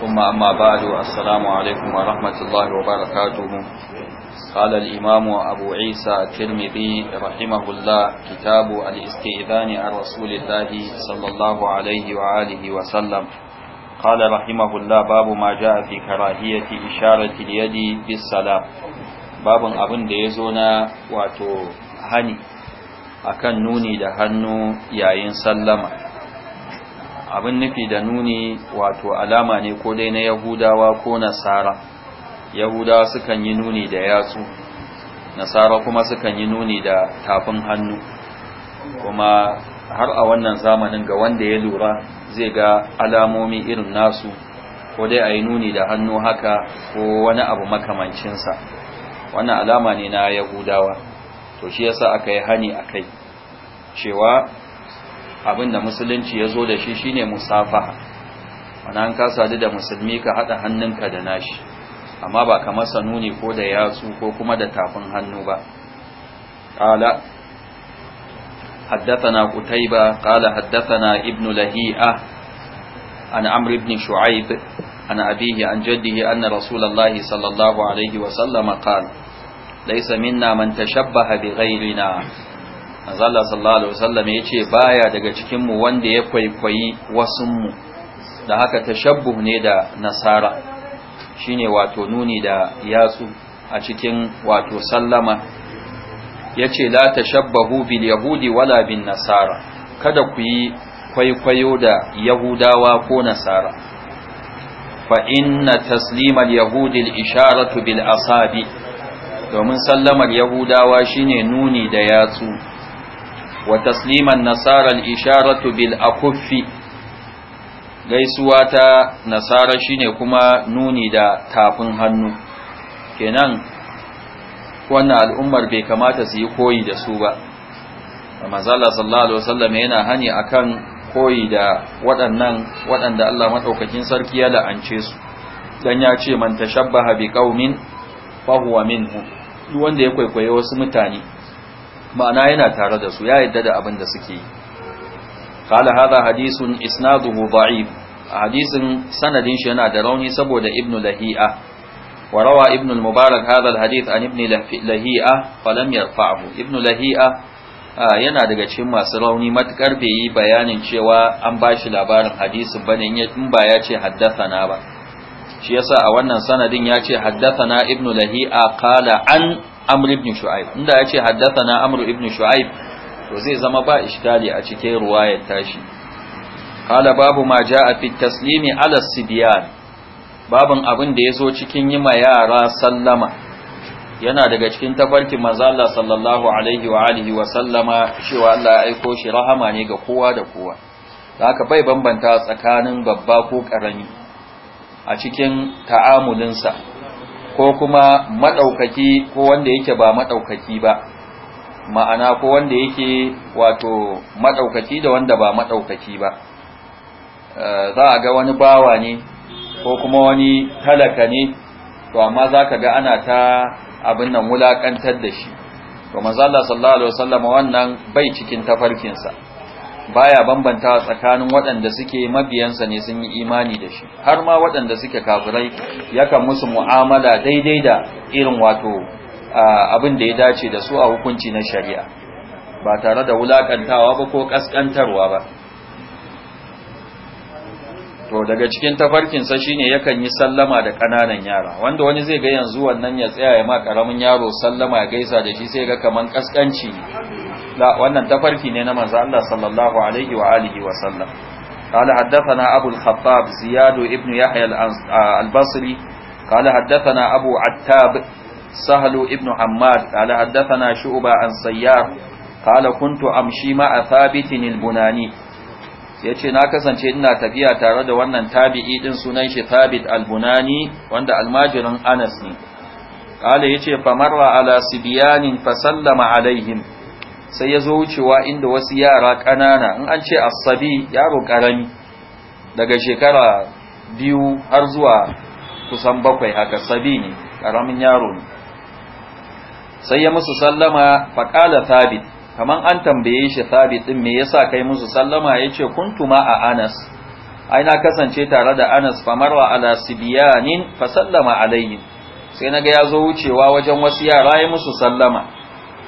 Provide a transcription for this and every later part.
ثم أما بعد السلام عليكم ورحمة الله وبركاته قال الإمام أبو عيسى الترمذي رحمه الله كتاب الاستئذان عن رسول الله صلى الله عليه وآله وسلم قال رحمه الله باب ما جاء في كراهية إشارة اليد بالسلام باب أبن ديزونا واتو هني أكن نوني دهنو يعين سلمه abin nufi da nuni wato alama ne ko dai na yahudawa ko nasara yahudawa sukan yi nuni da yatsu nasara kuma sukan yi nuni da tafin hannu kuma har a wannan zamanin ga wanda ya lura zai ga alamomi irin nasu ko dai a yi nuni da hannu haka ko wani abu makamancinsa wannan alama ne na yahudawa to shi yasa aka yi hani a kai cewa Abin da musulunci ya zo da shi shi ne musafa wani an kasa da da musulmi ka haɗa hannunka da nashi amma ba ka masa nuni ko da yatsu ko kuma da tafin hannu ba ƙala haddatana kutai ba ƙala haddatana ibn lahi'a an amr ibn shu'aib an abihi an an na rasulallah sallallahu alaihi wasallama ƙala laisa minna man tashabbaha bi ghairina Allah sallallahu alaihi wasallam yace baya daga cikin mu wanda ya kwaikwayi wasun mu da haka tashabbuh ne da nasara shine wato nuni da yatsu a cikin wato sallama yace la tashabbahu bil yahudi wala bin nasara kada ku yi kwaikwayo da yahudawa ko nasara fa inna taslimal yahudi al isharatu bil asabi domin sallamar yahudawa shine nuni da yatsu wa tasliman nasara al-isharatu bil akuffi gaisuwa ta nasara shine kuma nuni da tafin hannu kenan wannan al'ummar bai kamata su yi koyi da su ba manzala sallallahu alaihi wasallam yana hani akan koyi da waɗannan waɗanda Allah madaukakin sarki ya la'ance su dan ya ce man tashabbaha bi qaumin fa huwa minhu duk wanda ya kwaikwaye wasu mutane ma'ana yana tare da su ya yadda da abin da suke yi qala hadha hadithun isnaduhu da'if hadisin sanadin shi yana da rauni saboda ibnu lahi'a wa rawa ibnu al-mubarak hadha al-hadith an ibni lahi'a falam yarfa'hu ibnu lahi'a yana daga cikin masu rauni matukar bai yi bayanin cewa an ba shi labarin hadisin bane in ba ya ce na ba shi yasa a wannan sanadin ya ce haddathana ibnu lahi'a qala an amr ibn shu'aib inda yace haddathana amr ibn shu'aib to zai zama ba iskali a cikin ruwayar tashi qala babu ma jaa fi taslimi ala sibyan babun abin da yazo cikin yima yara sallama yana daga cikin tafarkin manzo Allah sallallahu alaihi wa alihi wa sallama cewa Allah ya aiko shi rahama ne ga kowa da kowa haka bai bambanta tsakanin babba ko karami a cikin ta'amulinsa ko kuma maɗaukaki ko wanda yake ba maɗaukaki ba ma'ana ko wanda yake wato maɗaukaki da wanda ba maɗaukaki ba eh, za a ga wani bawa ne ko kuma wani talaka ne to amma za ka ga ana ta abin nan wulaƙantar da shi to manzala sallallahu alaihi wasallam wannan bai cikin tafarkinsa baya bambanta tsakanin waɗanda suke mabiyansa ne sun yi imani da shi har ma waɗanda suke kafirai yakan musu mu'amala daidai da irin wato abin da ya dace da su a hukunci na shari'a ba tare da wulakantawa ba ko ƙasƙantarwa ba to daga cikin tafarkinsa shine yakan yi sallama da ƙananan yara wanda wani zai ga yanzu wannan ya tsaya ya ma karamin yaro sallama ya gaisa da shi sai ga kaman kaskanci la wannan tafarki ne na manzo Allah sallallahu alaihi wa alihi wa sallam قال حدثنا أبو الخطاب زياد ابن يحيى البصري قال حدثنا أبو عتاب سهل ابن حماد قال حدثنا شعبة عن سيار قال كنت أمشي مع ثابت البناني ya ce na kasance ina tafiya tare da wannan tabi'i din sunan shi thabit al-bunani wanda almajirin anas ne kala ya ce famarra ala sibiyanin fasallama alaihim sai ya zo wucewa inda wasu yara ƙanana in an ce asabi yaro ƙarami daga shekara biyu har zuwa kusan bakwai haka sabi ne ƙaramin yaro ne sai ya musu sallama faƙala thabit kaman an tambaye shi thabit din me yasa kai musu sallama yace kuntuma a anas ai na kasance tare da anas Marwa ala sibiyanin fa sallama alayhi sai naga yazo wucewa wajen wasu yara ya musu sallama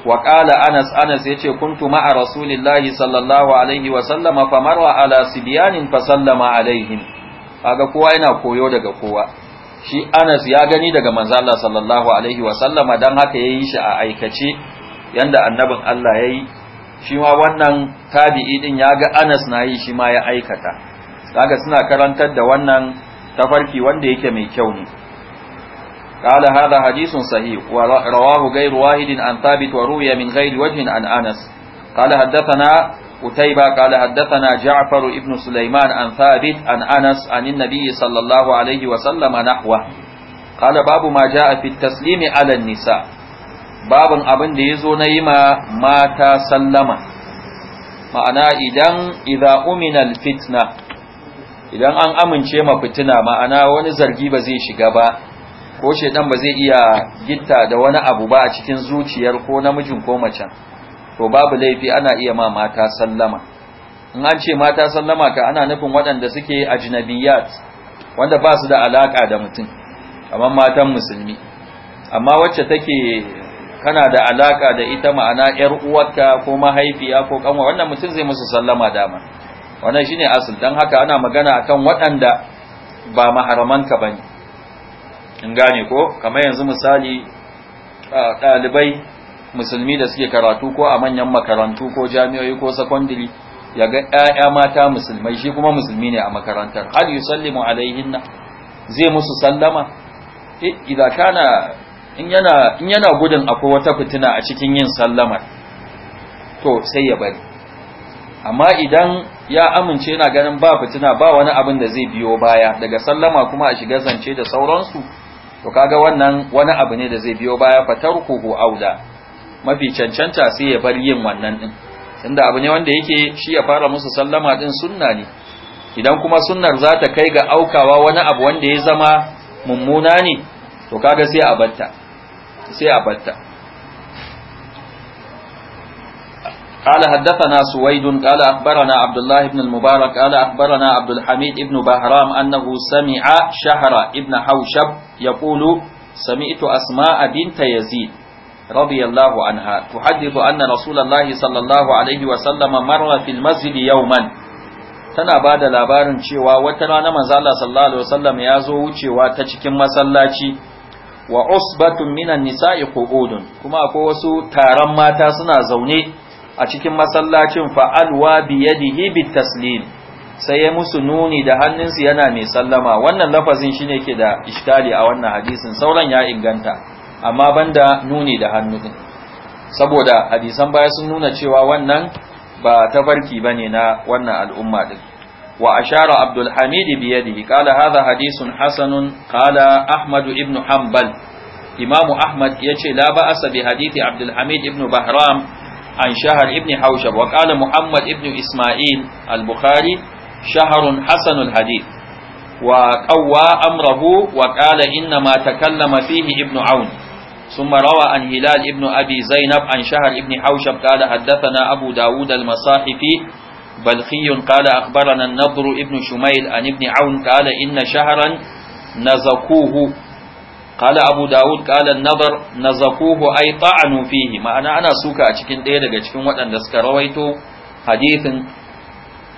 wa qala anas anas yace kuntuma a rasulillahi sallallahu alaihi wa sallama famarwa ala sibiyanin fa sallama alaihim kaga kowa yana koyo daga kowa shi anas ya gani daga manzo Allah sallallahu alaihi wa sallama dan haka yayi shi a aikace yanda annabin Allah ya yi shi wannan tabi'i din ya ga Anas na yi shima ya aikata kaga suna karantar da wannan tafarki wanda yake mai kyau ne qala hadha hadithun sahih wa rawahu ghayru wahidin an thabit wa ruwiya min ghayri wajhin an Anas qala haddathana Utayba qala haddathana Ja'far ibn Sulaiman an thabit an Anas anin nabiy sallallahu alayhi wa sallam nahwa قال باب ما a في التسليم على النساء babin abin da ya zo na yi ma mata sallama ma'ana idan idha uminal fitna idan an amince ma fitina ma'ana wani zargi ba zai shiga ba ko shedan ba zai iya gitta da wani abu ba a cikin zuciyar ko namijin ko macen to babu laifi ana iya ma mata sallama in an ce mata sallama ka ana nufin waɗanda suke ajnabiyat wanda ba su da alaka da mutum kamar matan musulmi amma wacce take kana da alaka da ita ma'ana yar uwarta ko mahaifiya ko kanwa wannan mutum zai musu sallama dama wannan shine asal dan haka ana magana akan waɗanda ba maharamanka bane in gane ko kamar yanzu misali ɗalibai musulmi da suke karatu ko a manyan makarantu ko jami'o'i ko secondary ya ga ƴaƴa mata musulmai shi kuma musulmi ne a makarantar hal yusallimu alaihinna zai musu sallama eh, idan kana in yana in yana gudun akwai wata fitina a cikin yin sallamar to sai ya bari amma idan ya amince yana ganin ba fitina ba wani abin da zai biyo baya daga sallama kuma a shiga zance da sauransu to kaga wannan wani abu ne da zai biyo baya fatarkuhu auda mafi cancanta sai ya bar yin wannan din tunda abu ne wanda yake shi ya fara musu sallama din sunna ne idan kuma sunnar za ta kai ga aukawa wani abu wanda ya zama mummuna ne to kaga sai a batta sai a batta قال حدثنا سويد قال أخبرنا عبد الله بن المبارك قال أخبرنا عبد الحميد بن بهرام أنه سمع شهر ابن حوشب يقول سمعت أسماء بنت يزيد رضي الله عنها تحدث أن رسول الله صلى الله عليه وسلم مر في المسجد يوماً tana ba da labarin cewa wata rana manzala sallallahu alaihi wasallam ya zo wucewa ta cikin masallaci wa usbatun minan nisa'i qu'udun kuma akwai wasu taron mata suna zaune a cikin masallacin fa'alwa bi yadihi bit taslim sai ya musu nuni da hannunsu yana mai sallama wannan lafazin shine ke da iskali a wannan hadisin sauran ya inganta amma banda nuni da hannu din saboda hadisan baya sun nuna cewa wannan ba tafarki bane na wannan al'umma din وأشار عبد الحميد بيده قال هذا حديث حسن قال أحمد ابن حنبل إمام أحمد يجي لا بأس بحديث عبد الحميد ابن بهرام عن شهر ابن حوشب وقال محمد ابن إسماعيل البخاري شهر حسن الحديث وقوى أمره وقال إنما تكلم فيه ابن عون ثم روى عن هلال ابن أبي زينب عن شهر ابن حوشب قال حدثنا أبو داود المصاحفي بلخي قال أخبرنا النضر ابن شميل عن ابن عون قال إن شهرا نزقوه قال أبو داود قال النضر نزقوه أي طعنوا فيه ما أنا أنا سوكا أتكين دير أتكين وأن رويته حديث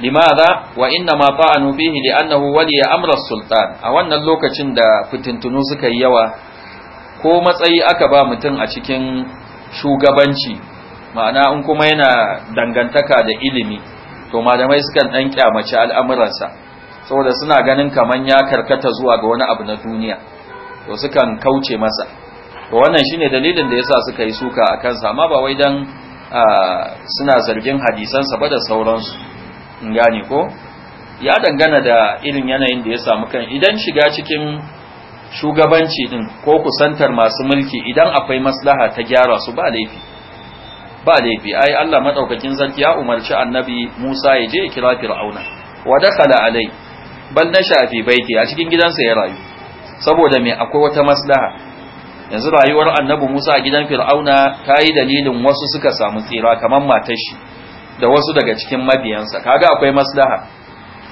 لماذا وإنما طعنوا فيه لأنه ولي أمر السلطان أولا اللوكة عند فتنتنو زكي يوى ko matsayi aka ba mutum a cikin shugabanci ma'ana in kuma yana dangantaka da ilimi to malamai sukan dan kyamaci al'amuransa saboda suna ganin kaman ya karkata zuwa ga wani abu na duniya to sukan kauce masa to wannan shine dalilin da yasa suka yi suka akan sa amma ba wai dan suna zargin hadisansa ba da sauransu in gane ko ya dangana da irin yanayin da ya samu kan idan shiga cikin shugabanci din ko kusantar masu mulki idan akwai maslaha ta gyara su ba laifi ba laifi ai Allah madaukakin sarki ya umarci annabi Musa ya je kira Fir'auna wa dakala alai bal na shafi baiti a cikin gidansa ya rayu saboda me akwai wata maslaha yanzu rayuwar annabi Musa a gidan Fir'auna ta yi dalilin wasu suka samu tsira kamar matar shi da wasu daga cikin mabiyansa kaga akwai maslaha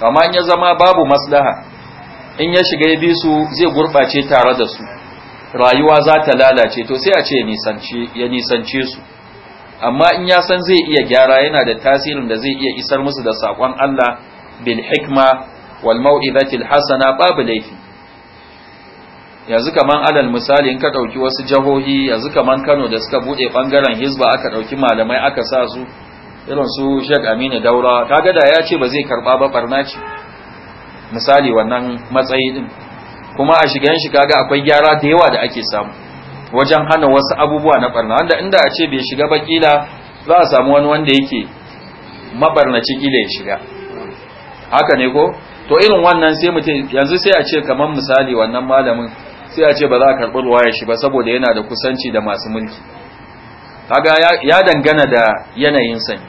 amma in ya zama babu maslaha in ya shiga ya bi su zai gurbace tare da su rayuwa za ta lalace to sai a ce ya nisance su amma in ya san zai iya gyara yana da tasirin da zai iya isar musu da sakon Allah bil hikma wal mau'izatil hasana babu laifi yanzu kaman alal misali in ka dauki wasu jahohi yanzu kaman Kano da suka bude bangaren hizba aka dauki malamai aka sa su irin su Sheikh Aminu Daura kaga da ya ce ba zai karba ba barna ce misali wannan matsayi din kuma a shigan shi kaga akwai gyara da yawa da ake samu wajen hana wasu abubuwa na barna wanda inda a ce bai shiga ba kila za a samu wani wanda yake mabarnaci kila ya shiga haka ne ko to irin wannan sai mutum yanzu sai a ce kamar misali wannan malamin sai a ce ba za a karɓi ruwaya shi ba saboda yana da kusanci da masu mulki kaga ya dangana da yanayin sani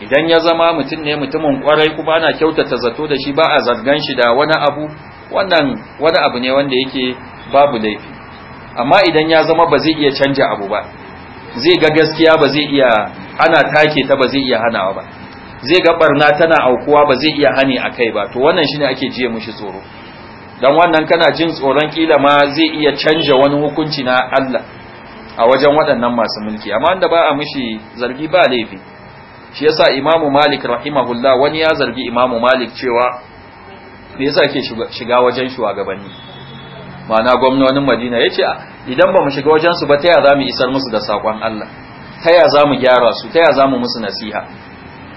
idan ya zama mutum ne mutumin kwarai kuma ana kyautata zato da shi ba a zargan shi da wani abu wannan wani abu ne wanda yake babu laifi amma idan ya zama ba zai iya canja abu ba zai ga gaskiya ba zai iya ana take ta ba zai iya hanawa ba zai ga barna tana aukuwa ba zai iya hani a kai ba to wannan shine ake jiye mushi tsoro dan wannan kana jin tsoron kila ma zai iya canja wani hukunci na Allah a wajen waɗannan masu mulki amma wanda ba a mushi zargi ba laifi shi yasa imamu malik rahimahullah wani ya zargi imamu malik cewa me yasa ke shiga wajen shugabanni ma'ana gwamnonin madina ya ce idan ba mu shiga wajensu ba ta ya za mu isar musu da saƙon allah ta ya za mu gyara su ta ya za mu musu nasiha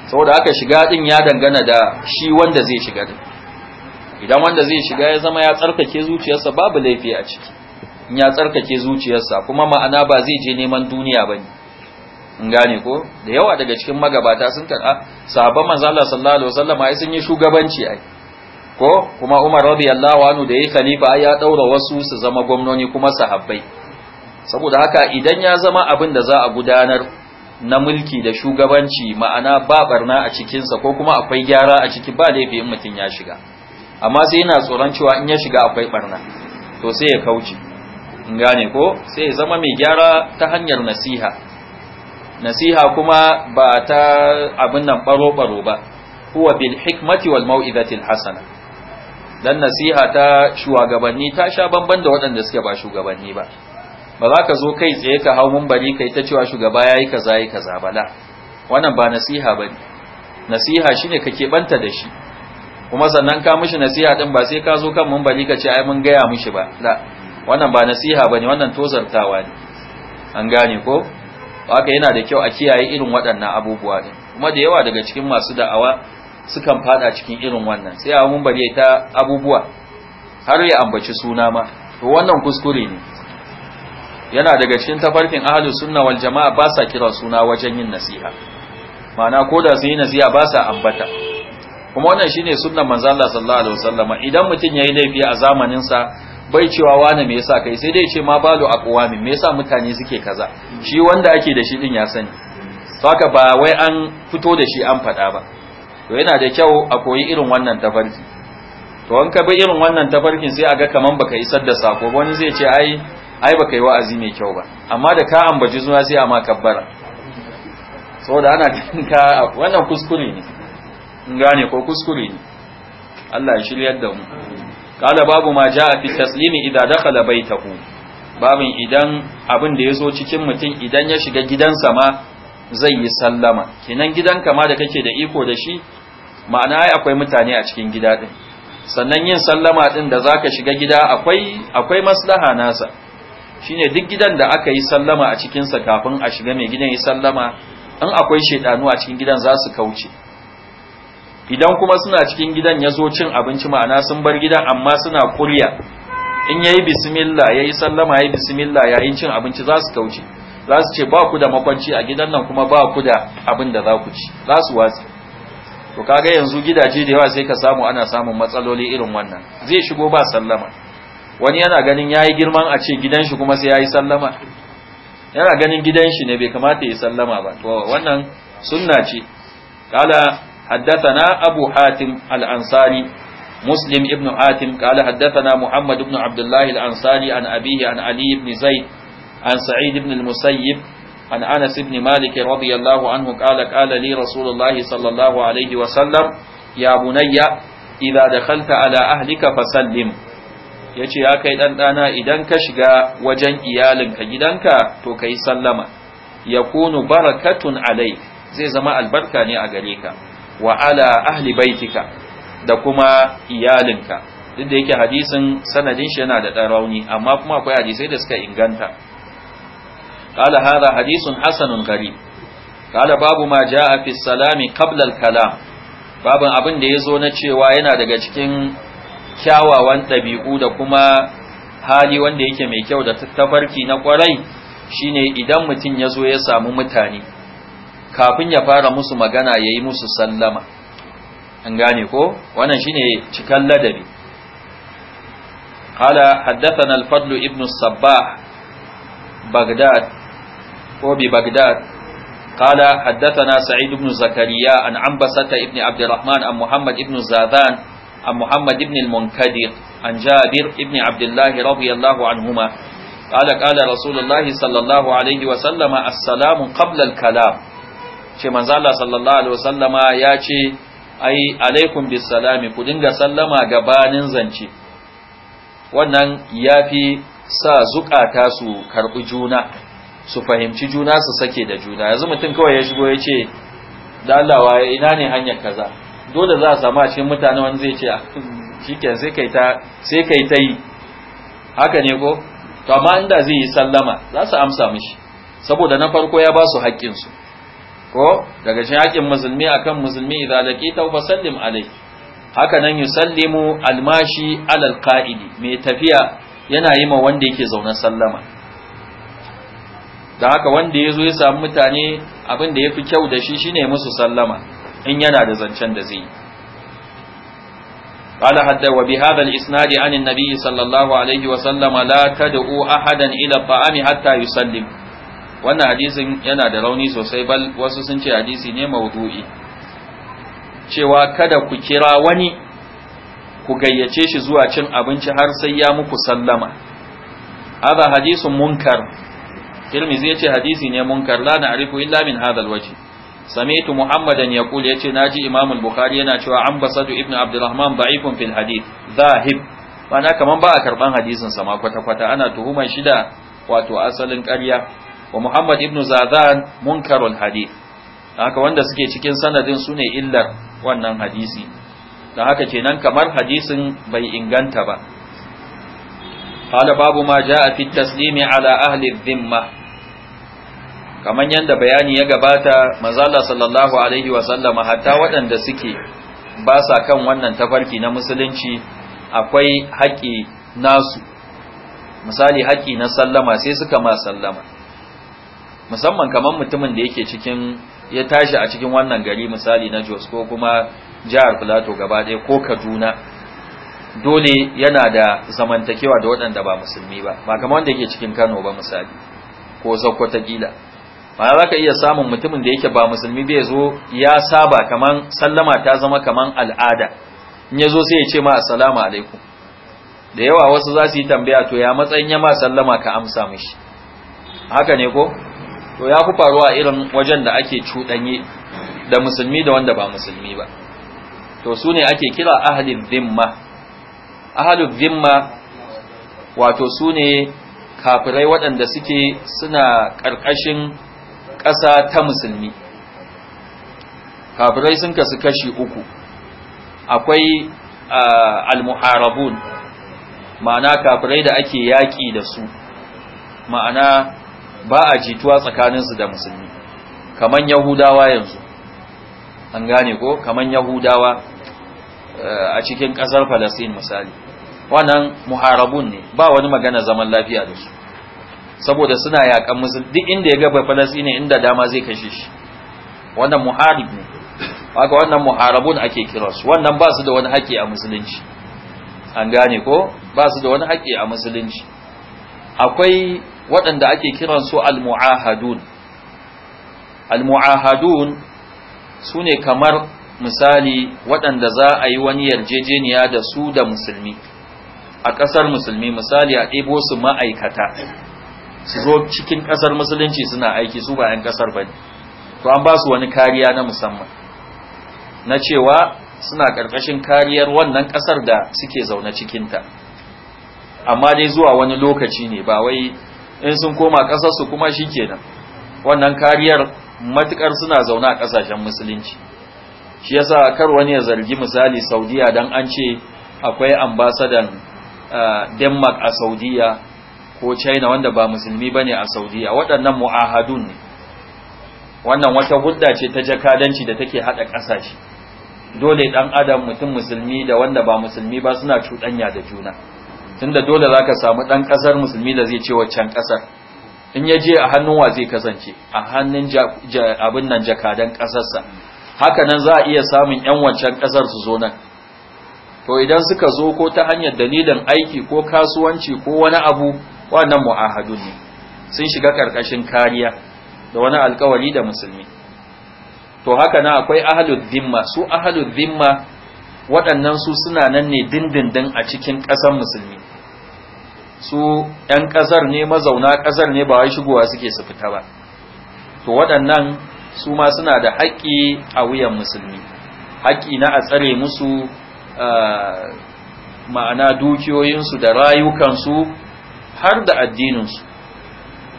saboda haka shiga din ya dangana da shi wanda zai shiga din idan wanda zai shiga ya zama ya tsarkake zuciyarsa babu laifi a ciki in ya tsarkake zuciyarsa kuma ma'ana ba zai je neman duniya ba ne in gane ko da yawa daga cikin magabata sun karɓa sahabban manzo Allah sallallahu alaihi wasallam ai sun yi shugabanci ai ko kuma Umar radiyallahu anhu da yayi khalifa ya daura wasu su zama gwamnoni kuma sahabbai saboda haka idan ya zama abin da za a gudanar na mulki da shugabanci ma'ana ba barna a cikinsa ko kuma akwai gyara a ciki ba laifi in mutum ya shiga amma sai yana tsoron cewa in ya shiga akwai barna to sai ya kauce in gane ko sai ya zama mai gyara ta hanyar nasiha nasiha kuma ba ta abin nan baro-baro ba huwa bil hikmati wal mau'izatil hasana dan nasiha ta shugabanni ta sha bamban da waɗanda suke ba shugabanni ba ba za ka zo kai tsaye ka hau mumbari kai ta cewa shugaba yayi kaza yayi kaza bala wannan ba nasiha ne. nasiha shine kake keɓanta da shi kuma sannan ka mishi nasiha ɗin ba sai ka zo kan mumbari ka ce ai mun gaya mishi ba la wannan ba nasiha bane wannan tozartawa ne an gane ko haka yana da kyau a kiyaye irin waɗannan abubuwa din kuma da yawa daga cikin masu da'awa sukan fada cikin irin wannan sai a mun bare ta abubuwa har ya ambaci suna ma to wannan kuskure ne yana daga cikin tafarkin ahlus sunna wal jamaa ba sa kira suna wajen yin nasiha ma'ana ko da su yi nasiha ba sa ambata kuma wannan shine sunnan manzo Allah sallallahu alaihi wasallam idan mutun yayi laifi a zamanin sa bai cewa wani me yasa kai sai dai ce ma balu aqwami me yasa mutane suke kaza shi wanda ake da shi din ya sani saka haka ba wai an fito da shi an fada ba to yana da kyau a koyi irin wannan tafarki to an ka bi irin wannan tafarkin sai a ga kaman baka isar da sako wani zai ce ai ai baka yi wa'azi mai kyau ba amma da ka ambaci zuwa sai a ma kabbara saboda ana ka wannan kuskure ne in gane ko kuskure ne Allah ya shiryar da mu qala babu ma jaa fi taslimi idza dakhala baitahu babin idan abin da yazo cikin mutum idan ya shiga gidansa ma zai yi sallama kenan gidanka ma da kake da iko da shi ma'ana ai akwai mutane a cikin gida din sannan yin sallama din da zaka shiga gida akwai akwai maslaha nasa shine duk gidan da aka yi sallama a cikin sa kafin a shiga mai gidan yi sallama in akwai shedanu a cikin gidan za su kauce idan kuma suna cikin gidan yazo cin abinci ma'ana sun bar gidan amma suna kurya in yayi bismillah yayi sallama yayi bismillah yayin cin abinci za su kauce za su ce ba ku da makwanci a gidan nan kuma ba ku da abin da za ku ci za su watsi to kaga yanzu gidaje da yawa sai ka samu ana samun matsaloli irin wannan zai shigo ba sallama wani yana ganin yayi girman a ce gidan shi kuma sai yayi sallama yana ganin gidan shi ne bai kamata ya sallama ba to wannan sunna ce kala haddathana abu hatim al-ansari muslim ibn hatim kala haddathana muhammad ibn abdullah al-ansari an abihi an ali ibn zaid عن سعيد بن المسيب عن أنس بن مالك رضي الله عنه قال قال لي رسول الله صلى الله عليه وسلم يا بني إذا دخلت على أهلك فسلم yace ya kai dan dana idan ka shiga wajen iyalinka gidanka to kai sallama yakunu barakatun alai zai zama albarka ne a gare ka wa ala ahli baitika da kuma iyalinka duk da yake hadisin sanadin shi yana da dan rauni amma kuma akwai hadisai da suka inganta قال هذا حديث حسن غريب قال باب ما جاء في السلام قبل الكلام babin abin da ya zo na cewa yana daga cikin kyawawan ɗabi'u da kuma hali wanda yake mai kyau da tattafarki na kwarai shine idan mutum yazo ya samu mutane kafin ya fara musu magana yayi musu sallama an gane ko wannan shine cikan ladabi قال حدثنا الفضل ابن الصباح بغداد ko bi Baghdad قال حدثنا سعيد بن زكريا عن عنبسة ابن عبد الرحمن عن محمد ابن زادان عن محمد ابن المنكدر عن جابر ابن عبد الله رضي الله عنهما قال قال رسول الله صلى الله عليه وسلم السلام قبل الكلام ce manzala sallallahu alaihi wasallama ya ce ai alaikum bisalami ku dinga sallama gabanin zance wannan yafi sa zukata su karbi juna su fahimci juna su sake da juna yanzu mutum kawai ya shigo ya ce lalawa ina ne hanyar kaza dole za a samu a cikin mutane wani zai ce ah, shikenan sai kai ta sai kai ta yi haka ne ko to amma inda zai yi sallama za su amsa mishi saboda na farko ya ba su haƙƙin su ko daga cikin haƙƙin musulmi akan musulmi idza laqita fa sallim alayhi haka nan yusallimu almashi alal qa'idi mai tafiya yana yi ma wanda yake zaune sallama da haka wanda ya zo ya samu mutane abin da ya fi kyau da shi shine musu sallama in yana da zancen da zai yi قال حتى وبهذا الإسناد عن النبي صلى الله عليه وسلم لا تدعو أحدا إلى الطعام حتى يسلم wannan hadisin yana da rauni sosai bal wasu sun ce hadisi ne mawdu'i cewa kada ku kira wani ku gayyace shi zuwa cin abinci har sai ya muku sallama hadha hadisin munkar tirmizi ce hadisi ne munkar la na'rifu illa min hadal waje. sami'tu muhammadan yaqul yace na ji imamul bukhari yana cewa an basadu ibnu abdurrahman da'ifun fil hadith zahib mana kaman ba a karban hadisin sa ma kwata kwata ana tuhumar shi da wato asalin ƙarya wa muhammad ibnu zadan munkarul hadith haka wanda suke cikin sanadin sune illar wannan hadisi Da haka kenan kamar hadisin bai inganta ba قال باب ما جاء في التسليم على أهل الذمة kamar yadda bayani ya gabata mazala sallallahu alaihi wasallama hatta waɗanda suke ba sa kan wannan tafarki na musulunci akwai haƙi nasu misali haƙi na sallama sai suka ma sallama musamman kamar mutumin da yake cikin ya tashi a cikin wannan gari misali na jos ko kuma jihar plateau gaba ɗaya ko kaduna dole yana da zamantakewa da waɗanda ba musulmi ba ba kamar wanda yake cikin kano ba misali ko zakwata gila ba za ka iya samun mutumin da yake ba musulmi bai zo ya saba kaman sallama ta zama kaman al'ada in ya zo sai ya ce ma assalamu alaikum da yawa wasu za su yi tambaya to ya matsayin ya ma sallama ka amsa mishi haka ne ko to ya ku faruwa irin wajen da ake cuɗanye da musulmi da wanda ba musulmi ba to su ne ake kira ahalin zimma ahalin zimma wato su ne kafirai waɗanda suke suna ƙarƙashin ƙasa ta musulmi kafirai sun kasu kashi uku akwai al al-muharabun ma'ana kafirai da ake yaƙi da su ma'ana ba a jituwa tsakaninsu da musulmi kaman yahudawa yanzu an gane ko kaman yahudawa e, a cikin ƙasar falasin misali wannan muharabun ne ba wani magana zaman lafiya da su saboda suna yakan Musul duk inda ya gaba ne inda dama zai kashe shi wannan muharib ne haka wannan muharabun ake kiransu wannan ba su da wani haƙƙi a musulunci an gane ko ba su da wani haƙƙi a musulunci akwai waɗanda ake kiransu al-mu'ahadun al-mu'ahadun su ne kamar misali waɗanda za a yi wani yarjejeniya da su da musulmi a ƙasar musulmi misali a ɗebo su ma'aikata su zo cikin kasar musulunci suna aiki su ba 'yan kasar ba ne to an ba su wani kariya na musamman na cewa suna ƙarƙashin kariyar wannan ƙasar da suke zaune cikinta amma dai zuwa wani lokaci ne ba wai in sun koma ƙasarsu kuma shi kenan wannan kariyar matuƙar suna zaune a ƙasashen musulunci shi yasa kar wani ya zargi misali saudiya don an ce akwai ambasadan eh, denmark a saudiya ko china wanda ba musulmi ba ne a saudiya waɗannan mu'ahadun ne wannan wata hudda ce ta jakadanci da take haɗa ƙasashe dole ɗan adam mutum musulmi da wanda ba musulmi ba suna cuɗanya da juna tunda dole za ka samu ɗan ƙasar musulmi da zai ce waccan ƙasar in ya je a hannun wa zai kasance a hannun abin nan jakadan ƙasarsa haka nan za a iya samun 'yan waccan ƙasar su zo nan to idan suka zo ko ta hanyar dalilin aiki ko kasuwanci ko wani abu wannan mu'ahadun ne sun shiga ƙarƙashin kariya da wani alkawari da musulmi to haka na akwai ahalud dhimma su ahalud dhimma waɗannan su suna nan ne dindindin a cikin ƙasar musulmi su ‘yan ƙasar ne mazauna ƙasar ne ba wai shigowa suke su fita ba to waɗannan su ma suna da haƙƙi a wuyan musulmi haƙƙi na a tsare musu ah, ma'ana dukiyoyinsu da rayukansu har da addininsu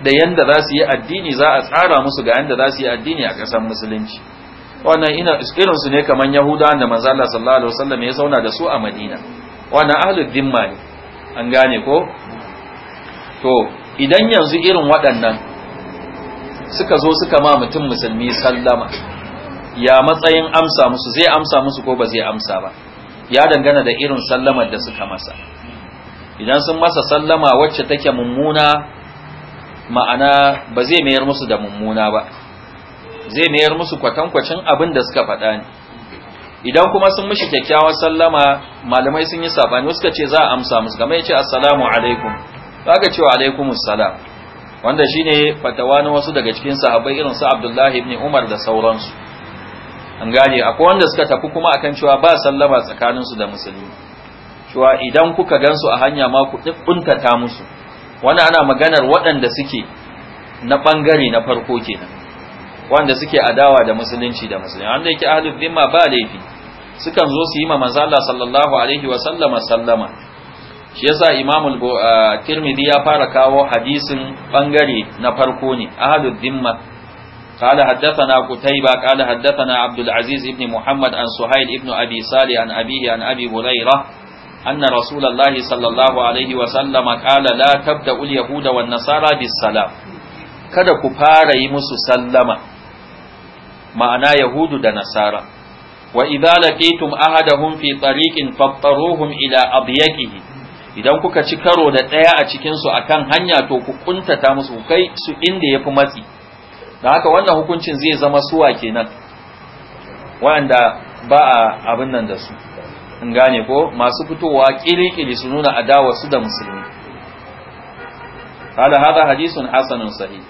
da yanda za su yi addini za a tsara musu ga yanda za su yi addini a ƙasar musulunci wannan ina irinsu ne kamar yahuda da manzo Allah sallallahu alaihi wasallam ya sauna da su a Madina wannan ahlul dimma ne an gane ko to idan yanzu irin waɗannan suka zo suka ma mutum musulmi sallama ya matsayin amsa musu zai amsa musu ko ba zai amsa ba ya dangana da irin sallamar da suka masa idan sun masa sallama wacce take mummuna ma'ana ba zai mayar musu da mummuna ba zai mayar musu kwatankwacin abin da suka faɗa ne idan kuma sun mishi kyakkyawar sallama malamai sun yi sabani wasu ce za a amsa musu game ce assalamu alaikum ga cewa alaikum salam wanda shine fatawa na wasu daga cikin sahabbai irin su Abdullahi ibn Umar da sauransu an gane akwai wanda suka tafi kuma akan cewa ba sallama tsakaninsu da musulmi cewa idan kuka gansu a hanya ma ku kuntata musu wani ana maganar waɗanda suke na ɓangare na farko kenan wanda suke adawa da musulunci da musulunci wanda yake ahlul dhimma ba laifi sukan zo su yi ma manzo Allah sallallahu alaihi wa sallama sallama shi yasa Imam Tirmidhi ya fara kawo hadisin bangare na farko ne ahlul dhimma قال حدثنا قتيبة قال حدثنا عبد العزيز ابن محمد عن سهيل ابن أبي صالح عن أبيه عن أبي هريرة anna rasulullahi sallallahu alaihi wa sallama qala la tabda'ul yahuda wan nasara bis kada ku fara yi musu sallama ma'ana yahudu da nasara wa idza laqitum ahadahum fi tariqin fattaruhum ila adyaqihi idan kuka ci karo da ɗaya a cikin su kan hanya to ku kuntata musu kai su inda ya fi matsi da haka wannan hukuncin zai zama suwa kenan wanda ba a abin nan da su in gane ko masu fitowa kili-kili su nuna adawa su da musulmi قال هذا حديث حسن صحيح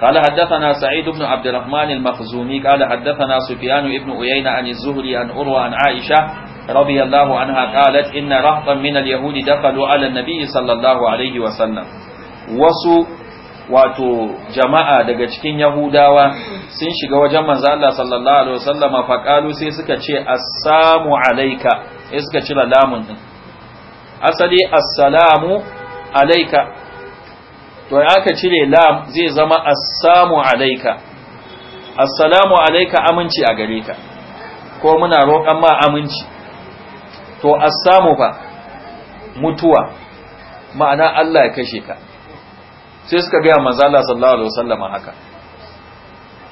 قال حدثنا سعيد بن عبد الرحمن المخزومي قال حدثنا سفيان بن عيينة عن الزهري عن أروى عن عائشة رضي الله عنها قالت إن رهطا من اليهود دخلوا على النبي صلى الله عليه وسلم وسو wato jama'a daga cikin yahudawa sun shiga wajen manzo Allah sallallahu alaihi wasallama faqalu sai suka ce assalamu alayka sai suka ci lamun din asali assalamu alayka to aka cire lam zai zama assalamu alayka assalamu alayka aminci a gare ka ko muna roƙon ma aminci to assamu fa mutuwa ma'ana Allah ya kashe ka sai suka gaya manzala sallallahu alaihi wasallam haka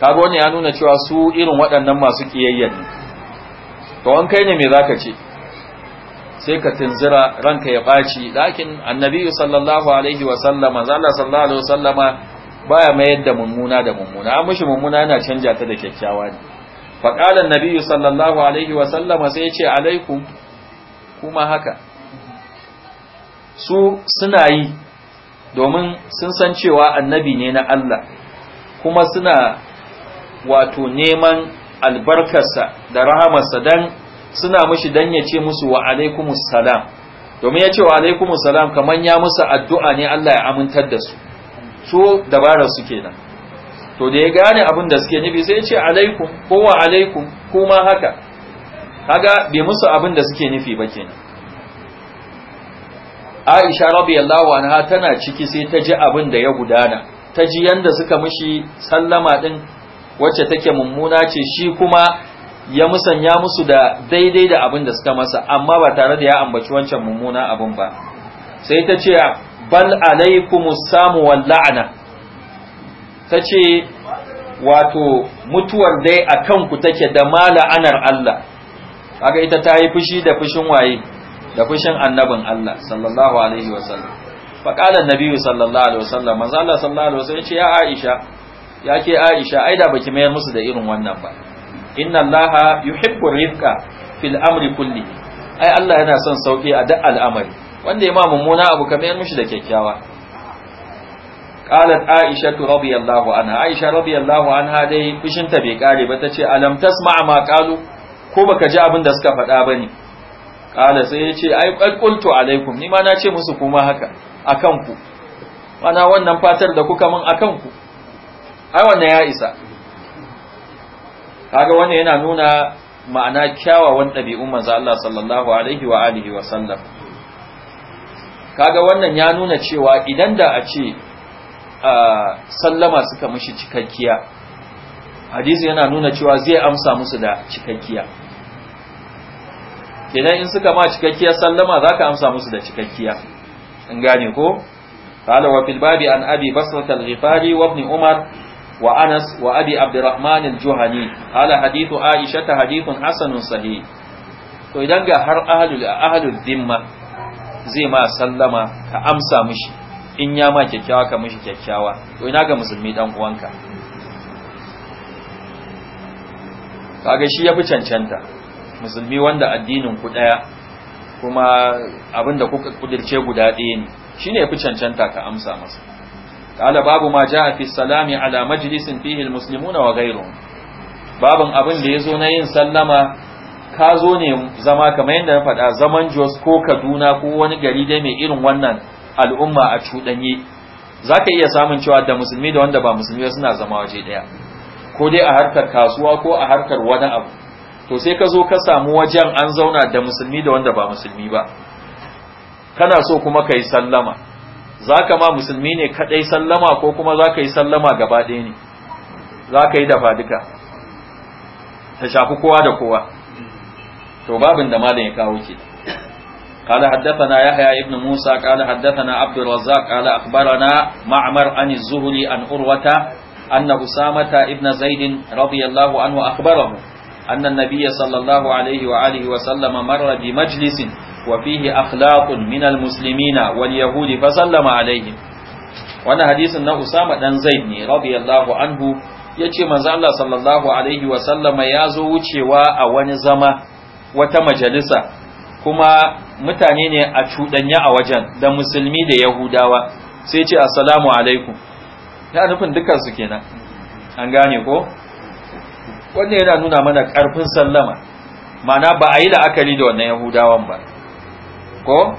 kaga wannan ya nuna cewa su irin waɗannan masu kiyayya ne to an kai ne me zaka ce sai ka tunzira ranka ya baci lakin annabi sallallahu alaihi wasallam manzala sallallahu alaihi wasallama baya mayar da mummuna da mummuna an mishi mummuna yana canja ta da kyakkyawa ne fa qala annabi sallallahu alaihi wasallama sai ya ce alaikum kuma haka su suna yi domin sun san cewa annabi ne na Allah kuma suna wato neman albarkarsa da rahamarsa dan suna mushi dan ya ce musu wa alaikumus salam domin ya ce wa alaikumus salam kaman ya musu addu'a ne Allah ya amintar da su su dabarar su kenan to da ya gane abin da suke nufi sai ya ce alaikum ko alaikum kuma haka kaga bai musu abin da suke nufi ba kenan Aisha radiyallahu anha tana ciki sai ta ji abin da ya gudana ta ji yanda suka mishi sallama din wacce take mummuna ce shi kuma ya musanya musu da daidai da abin da suka masa amma ba tare da ya ambaci wancan mummuna abin ba sai ta ce bal alaikumus samu wal la'na ta ce wato mutuwar dai a ku take da mala'anar Allah kaga ita ta yi fushi da fushin waye da fushin annabin Allah sallallahu alaihi wasallam fa annabiyyu sallallahu alaihi wasallam manzo Allah sallallahu alaihi wasallam ya ce ya Aisha yake Aisha ai da baki mayar musu da irin wannan ba inna Allah yuhibbu rifqa fil amri kulli ai Allah yana son sauki a duk al'amari wanda ya ma mummuna abu ka mayar mishi da kyakkyawa qalat Aisha radiyallahu anha Aisha radiyallahu anha dai fushinta bai kare ba tace alam tasma ma qalu ko baka ji abin da suka faɗa bane kala sai ya ce ai kulto alaikum ni ma na ce musu kuma haka akan ku mana wannan fatar da kuka min akan ku ai wannan ya isa kaga wannan yana nuna ma'ana kyawawan ɗabi'un manzo Allah sallallahu alaihi wa alihi wa sallam kaga wannan ya nuna cewa idan da a ce sallama suka mishi cikakkiya hadisi yana nuna cewa zai amsa musu da cikakkiya kenan in suka ma cikakkiya sallama zaka amsa musu da cikakkiya in gane ko قال وفي الباب عن أبي Umar wa Anas wa abi وأبي عبد Juhani. الجهني قال Aisha ta حديث حسن صحيح to idan ga har ahalul dimma zai ma sallama ka amsa mishi in ya ma kyakkyawa ka mishi kyakkyawa to ina ga musulmi dan uwanka kaga shi yafi cancanta musulmi wanda addinin ku daya kuma abinda kuka kudirce guda ɗaya ne shine yafi cancanta ka amsa masa qala babu ma jaa fi salami ala majlisin fihi almuslimuna wa ghayruhum Babun abin da yazo na yin sallama ka zo ne zama kamar yadda na faɗa zaman Jos ko Kaduna ko wani gari dai mai irin wannan al'umma a cuɗanye za ka iya samun cewa da musulmi da wanda ba musulmi suna zama waje daya, ko dai a harkar kasuwa ko a harkar wani abu to sai ka zo ka samu wajen an zauna da musulmi da wanda ba musulmi ba kana so kuma ka yi sallama za ka ma musulmi ne kaɗai sallama ko kuma za ka yi sallama gaba ɗaya ne za ka yi dafa duka ta shafi kowa da kowa to babin da malam ya kawo ke قال حدثنا يحيى ابن موسى قال حدثنا عبد الرزاق قال أخبرنا معمر عن الزهري عن أروة أن أسامة ابن زيد رضي الله عنه أخبره أن النبي صلى الله عليه وآله وسلم مر بمجلس وفيه أخلاق من المسلمين واليهود فسلم عليهم وأن حديث أنه أسامة بن زيد رضي الله عنه yace manzo Allah sallallahu alaihi wa sallama yazo wucewa a wani zama wata majalisa kuma mutane ne a cuɗanya a wajen da musulmi da yahudawa sai ce assalamu alaikum ya nufin dukkan kenan an gane ko wannan yana nuna mana ƙarfin sallama mana ba a yi la'akari da wannan yahudawan ba ko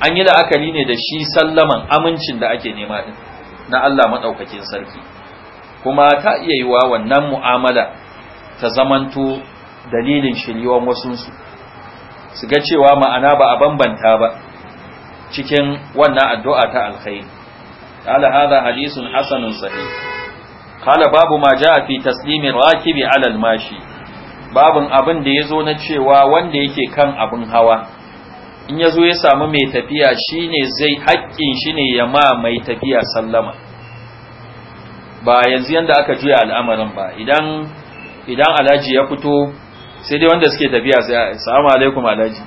an yi la'akari ne da shi sallaman amincin da ake nema din na Allah maɗaukakin sarki kuma ta iya yi yiwa wannan mu'amala ta zamanto dalilin shiriwan wasunsu su ga cewa ma'ana ba a bambanta ba cikin wannan addu'a ta alkhairi قال هذا حديث حسن صحيح kala babu ma ja fi taslimi rakibi ala al babun abin da yazo na cewa wanda yake kan abin hawa in yazo ya samu mai tafiya shine zai haƙƙin shine ya ma mai tafiya sallama ba yanzu yanda aka juya al'amarin ba idan idan alaji ya fito sai dai wanda suke tafiya sai assalamu alaikum alaji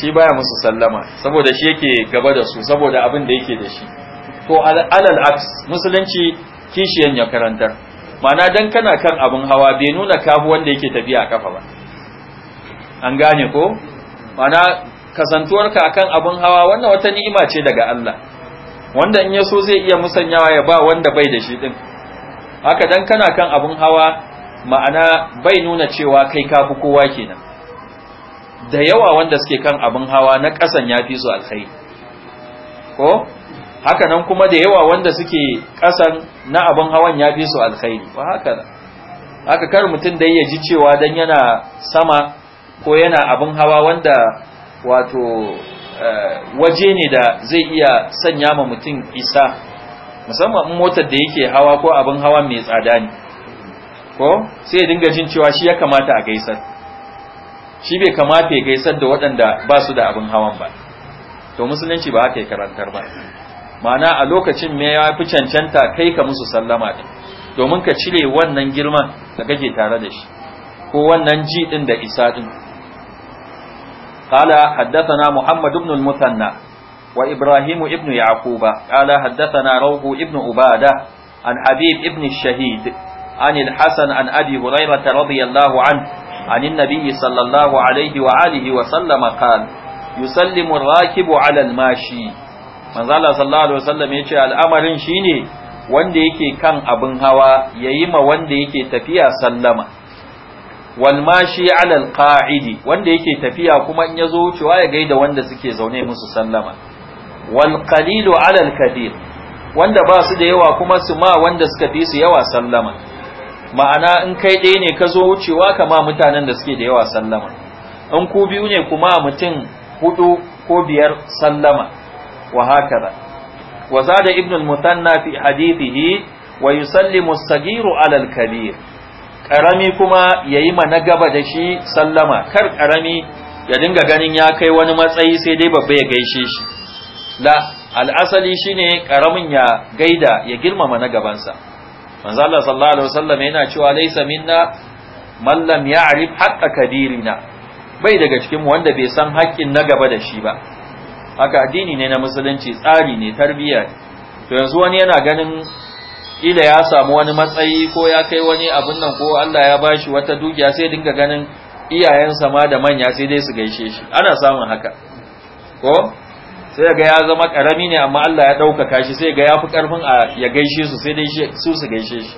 shi baya musu sallama saboda shi yake gaba da su saboda abin da yake da shi to alal aks musulunci kishiyan ya karantar mana dan kana kan abin hawa bai nuna kafu wanda yake tafiya a kafa ba an gane ko mana kasantuwarka akan abin hawa wannan wata ni'ima ce daga Allah wanda in yaso zai iya musanyawa ya ba wanda bai da shi din haka dan kana kan abin hawa ma'ana bai nuna cewa kai kafi kowa kenan da yawa wanda suke kan abin hawa na kasan ya fi su alkhairi ko haka nan kuma da yawa wanda suke kasan na abin hawan ya fi su alkhairi ba haka haka kar mutum da ya ji cewa dan yana sama ko yana abin hawa wanda wato eh, waje ne da zai iya sanya ma mutum isa musamman in motar da yake hawa ko abin hawa mai tsada ne ko sai ya dinga jin cewa shi ya kamata a gaisar shi bai kamata ya gaisar da waɗanda ba su da abin hawan ba to musulunci ba haka ya karantar ba mana a lokacin me ya fi cancanta kai ka musu sallama din domin ka cire wannan girman da kake tare da shi ko wannan ji din da isa din qala haddathana muhammad ibn al-muthanna wa ibrahim Ibnu Yakuba. qala haddathana rawhu Ibnu ubada an habib ibn shahid an al an abi hurayra radiyallahu an عن النبي صلى الله عليه وآله وسلم قال يسلم الراكب على الماشي manzo Allah sallallahu alaihi wasallam yace al'amarin shine wanda yake kan abin hawa yayi ma wanda yake tafiya sallama wal mashi ala al qa'idi wanda yake tafiya kuma in yazo wucewa ya gaida wanda suke zaune musu sallama wal qalilu ala al kathir wanda ba su da yawa kuma su ma wanda suka fi su yawa sallama ma'ana in kai ɗaya ne ka zo wucewa kama mutanen da suke da yawa sallama in ku biyu ne kuma mutum hudu ko biyar sallama wa hakaza wa zada ibn al-mutanna fi hadithihi wa yusallimu sagiru ala kabir karami kuma yayi mana gaba da shi sallama kar karami ya dinga ganin ya kai wani matsayi sai dai babba ya gaishe shi la al'asali shine karamin ya gaida ya girmama na gabansa manzo Allah sallallahu alaihi wasallam yana cewa laysa minna man lam ya'rif haqqa kabirina bai daga cikin wanda bai san haƙƙin na gaba da shi ba haka addini ne na musulunci tsari ne tarbiyya to yanzu wani yana ganin ila ya samu wani matsayi ko ya kai wani abin nan ko Allah ya bashi wata dukiya sai dinga ganin iyayensa ma da manya sai dai su gaishe shi ana samun haka ko sai ga ya zama karami ne amma Allah ya dauka shi sai ga ya fi a ya gaishe su sai dai su su gaishe shi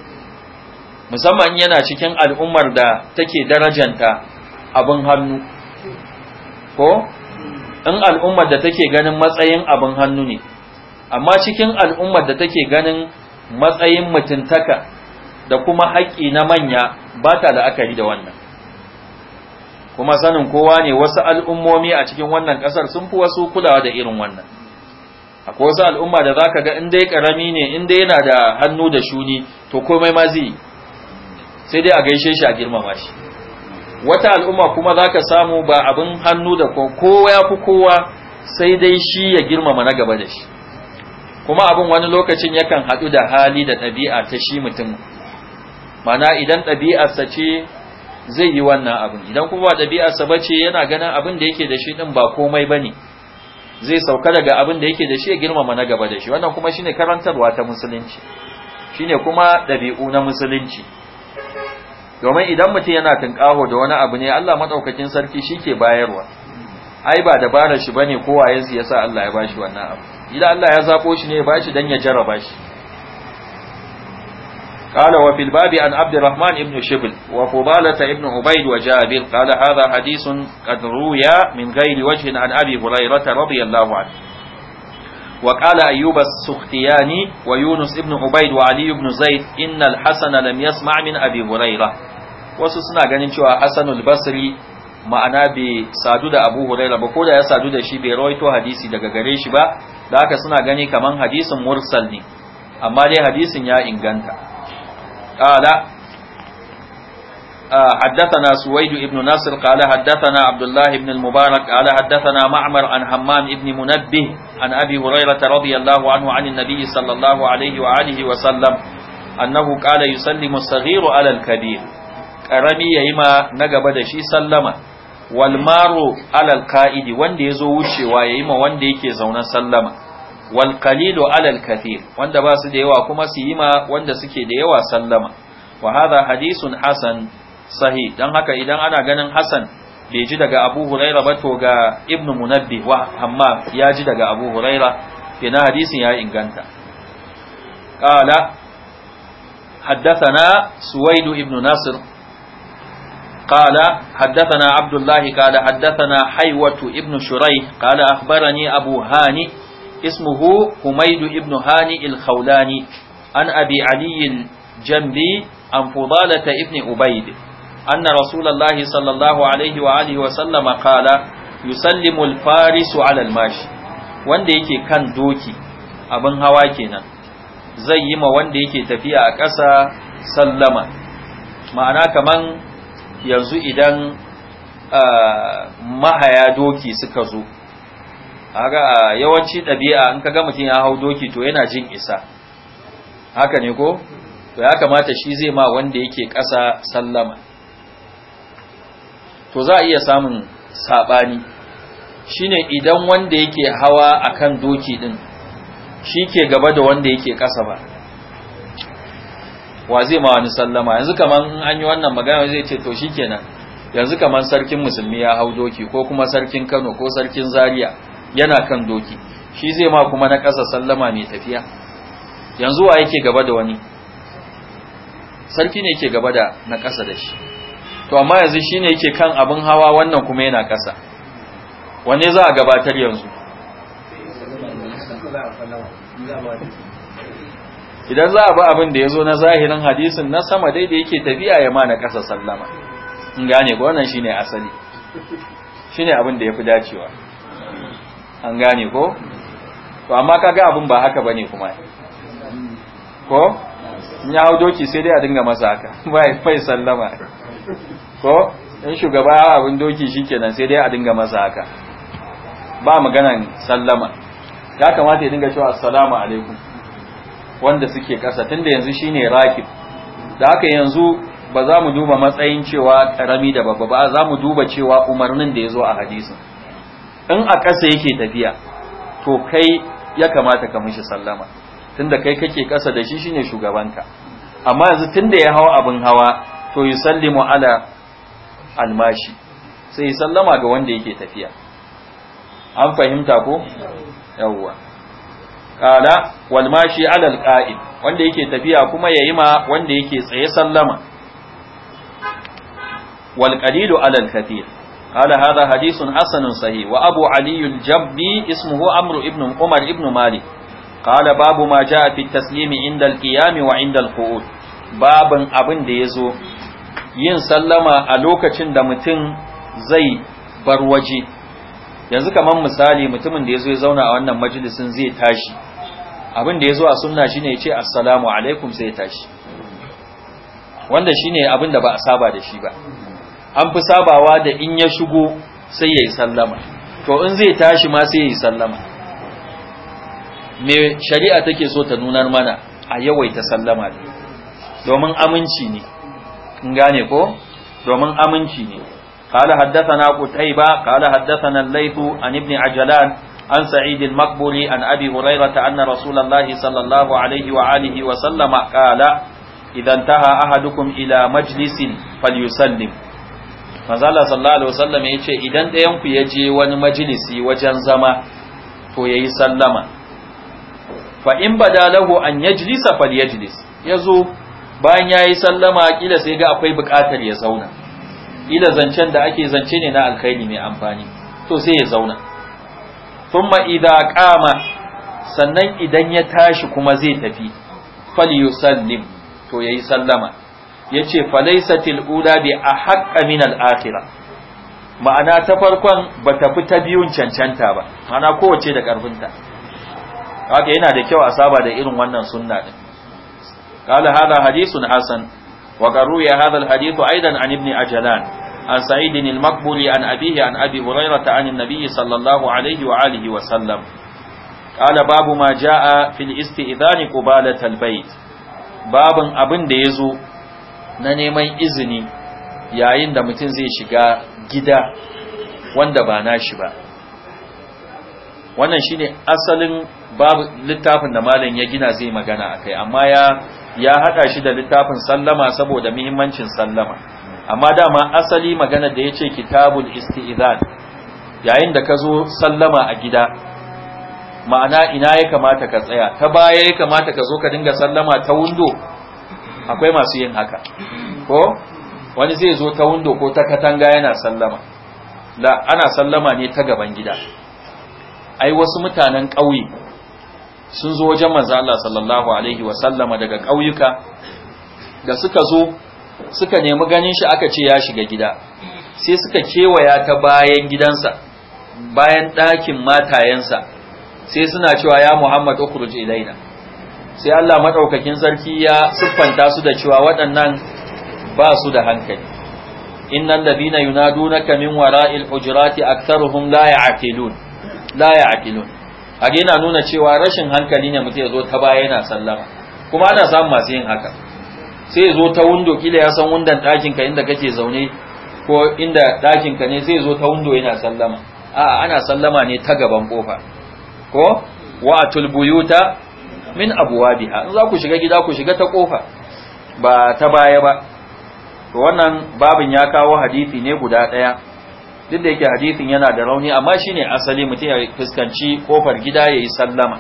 musamman yana cikin al'ummar da take darajanta abin hannu ko in al'ummar da take ganin matsayin abin hannu ne amma cikin al'ummar da take ganin matsayin mutuntaka da kuma haƙƙi na manya ba ta la'akari da wannan kuma sanin kowa ne wasu al'ummomi a cikin wannan ƙasar sun fi wasu kulawa da irin wannan akwai wasu al'umma da za ka ga inda dai ƙarami ne inda yana da hannu da shuni to komai ma zai sai dai a gaishe shi a girmama shi wata al'umma kuma za ka samu ba abin hannu da kowa ya fi kowa sai dai shi ya girmama na gaba da shi kuma abin wani lokacin yakan haɗu da hali da ɗabi'a ta shi mutum mana idan ɗabi'arsa ce zai yi wannan abin idan kuma ɗabi'arsa ba ce yana ganin abin da yake da shi ɗin ba komai ba ne zai sauka daga abin da yake da shi ya girmama na gaba da shi wannan kuma shine karantarwa ta musulunci shine kuma ɗabi'u na musulunci domin idan mutum yana tunƙaho da wani abu ne Allah madaukakin sarki shike bayarwa ai ba dabarar shi bane kowa su yasa Allah ya bashi wannan abu idan Allah ya zabo shi ne bashi dan ya jarraba shi قال وفي الباب عن عبد الرحمن بن شبل وفضالة بن عبيد وجابر قال هذا حديث قد روي من غير وجه عن أبي هريرة رضي الله عنه وقال أيوب السختياني ويونس بن عبيد وعلي بن زيد إن الحسن لم يسمع من أبي هريرة wasu suna ganin cewa hasanul basri ma'ana bai sadu da abu huraira ba ko da ya sadu da shi bai rawaito hadisi daga gare shi ba da haka suna gani kaman hadisin mursal ne amma dai hadisin ya inganta qala حدثنا سويد بن نصر قال حدثنا عبد الله بن المبارك قال حدثنا معمر عن حمام بن منبه عن أبي هريرة رضي الله عنه عن النبي صلى الله عليه وآله وسلم أنه قال يسلم الصغير على الكبير ƙarami ya yi ma na gaba da shi sallama walmaro alal ka'idi wanda ya zo wucewa ya yi ma wanda yake zaune sallama walkalilu alal kafir wanda ba su da yawa kuma su yi ma wanda suke da yawa sallama wa hadha hadisun hasan sahih dan haka idan ana ganin hasan bai ji daga abu huraira ba to ga ibnu munabbi wa amma ya ji daga abu huraira hadisin ya inganta qala na suwaid ibn nasr قال حدثنا عبد الله قال حدثنا حيوة ابن شريح قال أخبرني أبو هاني اسمه حميد ابن هاني الخولاني عن أبي علي الجنبي عن فضالة ابن أبيد أن رسول الله صلى الله عليه وآله وسلم قال يسلم الفارس على الماشي wanda yake kan doki abin hawa kenan zai yi ma wanda yake tafiya a ƙasa sallama ma'ana kaman yanzu idan mahaya doki suka zo haka yawanci ɗabi'a in ka ga mutum ya hau doki to yana jin isa haka ne ko to ya kamata shi zai ma wanda yake ƙasa sallama to za a iya samun saɓani shine idan wanda yake hawa akan doki din shi ke gaba da wanda yake ƙasa ba wa zai ma wani sallama yanzu kaman in an yi wannan magana zai ce to shikenan yanzu kaman sarkin musulmi ya hau doki ko kuma sarkin Kano ko sarkin Zaria yana kan doki shi zai ma kuma na ƙasa sallama mai tafiya yanzu wa yake gaba da wani sarki ne yake gaba da na ƙasa da shi to amma yanzu shine yake kan abin hawa wannan kuma yana ƙasa wanne za a gabatar yanzu idan za a bi abin da ya zo na zahirin hadisin na sama dai da yake tafiya ya ma na ƙasa sallama in gane ko wannan shine asali shine abin da ya fi dacewa an gane ko to amma kaga abin ba haka bane kuma ko in ya hau doki sai dai a dinga masa haka bai fai sallama ko in shugaba abin doki shikenan sai dai a dinga masa haka ba maganan sallama ya kamata ya dinga cewa assalamu alaikum wanda suke ƙasa tunda yanzu shine rakib da haka yanzu ba za mu duba matsayin cewa karami da babba ba za mu duba cewa umarnin da ya zo a hadisin in a ƙasa yake tafiya to kai ya kamata ka mishi sallama tunda kai kake ƙasa da shi shine shugabanka amma yanzu tunda ya hawa abin hawa to yi sallimu ala almashi sai yi sallama ga wanda yake tafiya an fahimta ko yawwa Kala wal mashi ala qa'id wanda yake tafiya kuma yayi ma wanda yake tsaye sallama wal qalilu ala al kathir قال هذا حديث حسن صحيح وأبو علي الجبني اسمه عمرو ابن عمر ابن مالك قال باب ما جاء في التسليم عند القيام وعند القعود باب abin da yazo yin sallama a lokacin da mutum zai bar waje yanzu kaman misali mutumin da yazo ya zauna a wannan majalisin zai tashi abin da ya zo a sunna shine ya ce assalamu alaikum sai ya tashi wanda shine abin da ba a saba da shi ba an fi sabawa da in ya shigo sai ya yi sallama to in zai tashi ma sai ya yi sallama me shari'a take so ta nunar mana a yawaita sallama ne domin aminci ne in gane ko domin aminci ne قال حدثنا قتيبة قال حدثنا الليث عن ابن عجلان An سعيد Makburi an أبي هريرة أن رسول الله صلى الله عليه وآله وسلم قال إذا انتهى أحدكم إلى مجلس فليسلم manzala yace idan ɗayan ya je wani majlisi wajen zama to yayi sallama fa in badalahu an yajlisa falyajlis ya zo bayan yayi sallama ƙila sai akwai buƙatar ya zauna kila zancen da ake zance ne na alkhairi mai amfani to sai ya zauna thumma idza qama sannan idan ya tashi kuma zai tafi falyusallim to yayi sallama yace falaysatil ula bi ahqqa min al akhirah ma'ana ta farkon ba ta fi ta biyun cancanta ba ma'ana kowace da karfinta haka yana da kyau a saba da irin wannan sunna din قال هذا حديث حسن ya hadha al الحديث aidan an ibni ajlan عن سعيد المقبول عن أبيه عن أبي هريرة عن النبي صلى الله عليه وآله وسلم قال باب ما جاء في الاستئذان قبالة البيت باب أبن ديزو ننمي إذني yayin da mutum zai shiga gida wanda ba shi ba wannan shine asalin babu littafin da malam ya gina zai magana akai amma ya ya hada shi da littafin sallama saboda muhimmancin sallama amma dama asali magana da yace kitabul isti'zan yayin da ka zo sallama a gida ma'ana ina ya kamata ka tsaya ta baya ya kamata ka zo ka dinga sallama ta wundo? akwai masu yin haka ko wani zai zo ta wundo ko ta katanga yana sallama la ana sallama ne ta gaban gida ai wasu mutanen ƙauye sun zo wajen manzo Allah sallallahu alaihi wa sallama daga ƙauyuka da suka zo suka nemi ganin shi aka ce ya shiga gida sai suka kewaya ta bayan gidansa bayan ɗakin matayensa sai suna cewa ya Muhammad ukhruj ilaina sai Allah madaukakin sarki ya siffanta su da cewa waɗannan ba su da hankali innal ladina ka min wara'il hujurati aktharuhum la ya'qilun la ya'qilun hage yana nuna cewa rashin hankali ne mutum ya zo ta baya yana sallama kuma ana samun masu yin haka sai zo ta wundo kila ya san ɗakin ka inda kake zaune ko inda ɗakin ka ne sai zo ta wundo yana sallama a'a ana sallama ne ta gaban kofa ko wa'atul buyuta min abwabiha in za ku shiga gida ku shiga ta kofa ba ta baya ba to wannan babin ya kawo hadisi ne guda ɗaya duk da yake hadisin yana da rauni amma shine asali mutum ya fuskanci kofar gida yayi sallama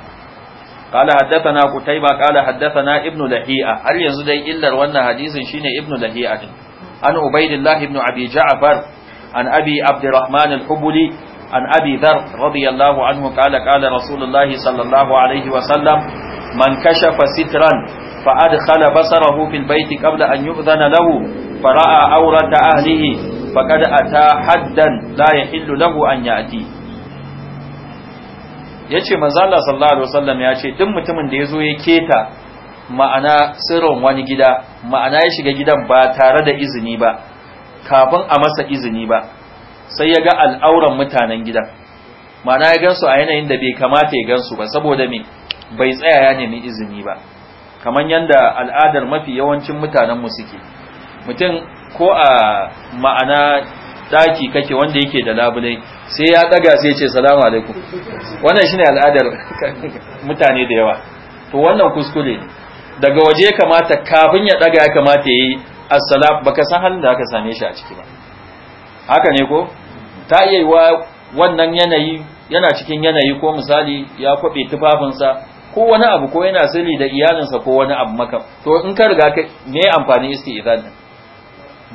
قال حدثنا قتيبة قال حدثنا ابن لهيئة هل يزدي إلا وانا حديث شين ابن لهيئة عن عبيد الله بن أبي جعفر عن أبي عبد الرحمن الحبلي عن أبي ذر رضي الله عنه قال قال رسول الله صلى الله عليه وسلم من كشف سترا فأدخل بصره في البيت قبل أن يؤذن له فرأى عورة أهله فقد أتى حدا لا يحل له أن يأتي ya ce manzala sallallahu alaihi wasallam ya ce duk mutumin da ya zo ya keta ma'ana sirrin wani gida ma'ana ya shiga gidan ba tare da izini ba kafin a masa izini ba sai ya ga al'auran mutanen gidan ma'ana ya gansu a yanayin da bai kamata ya gansu ba saboda me bai tsaya ya nemi izini ba kamar yadda al'adar mafi yawancin mutanen mu suke mutum ko a ma'ana daki kake wanda yake da labulai sai ya daga sai ce salamu alaikum wannan shine al'adar mutane da yawa to wannan kuskure daga waje kamata kafin ya daga ya kamata yi assalam baka san halin da aka same shi a ciki ba haka ne ko ta iya wa wannan yanayi yana cikin yanayi ko misali ya kwabe tufafinsa ko wani abu ko yana sirri da iyalinsa ko wani abu maka to in ka riga ka me amfani isti'zan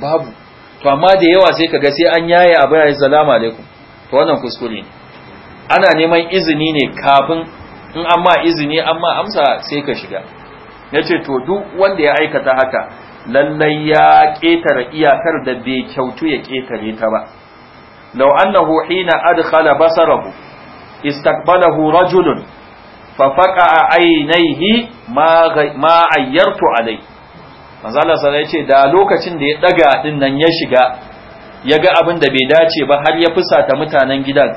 babu to amma da yawa sai ka ga sai an yaye abu ya salamu alaikum to wannan kuskure ne ana neman izini ne kafin in an ma izini an ma amsa sai ka shiga Yace to duk wanda ya aikata haka lallai ya ƙetare iyakar da bai kyautu ya ƙetare ta ba lau annahu hina adkhala basarahu istaqbalahu rajulun fa faqa aynaihi ma ma ayyartu alai manzo Allah sai ya ce da lokacin da ya daga din ya shiga ya ga abin da bai dace ba har ya fusata mutanen gidan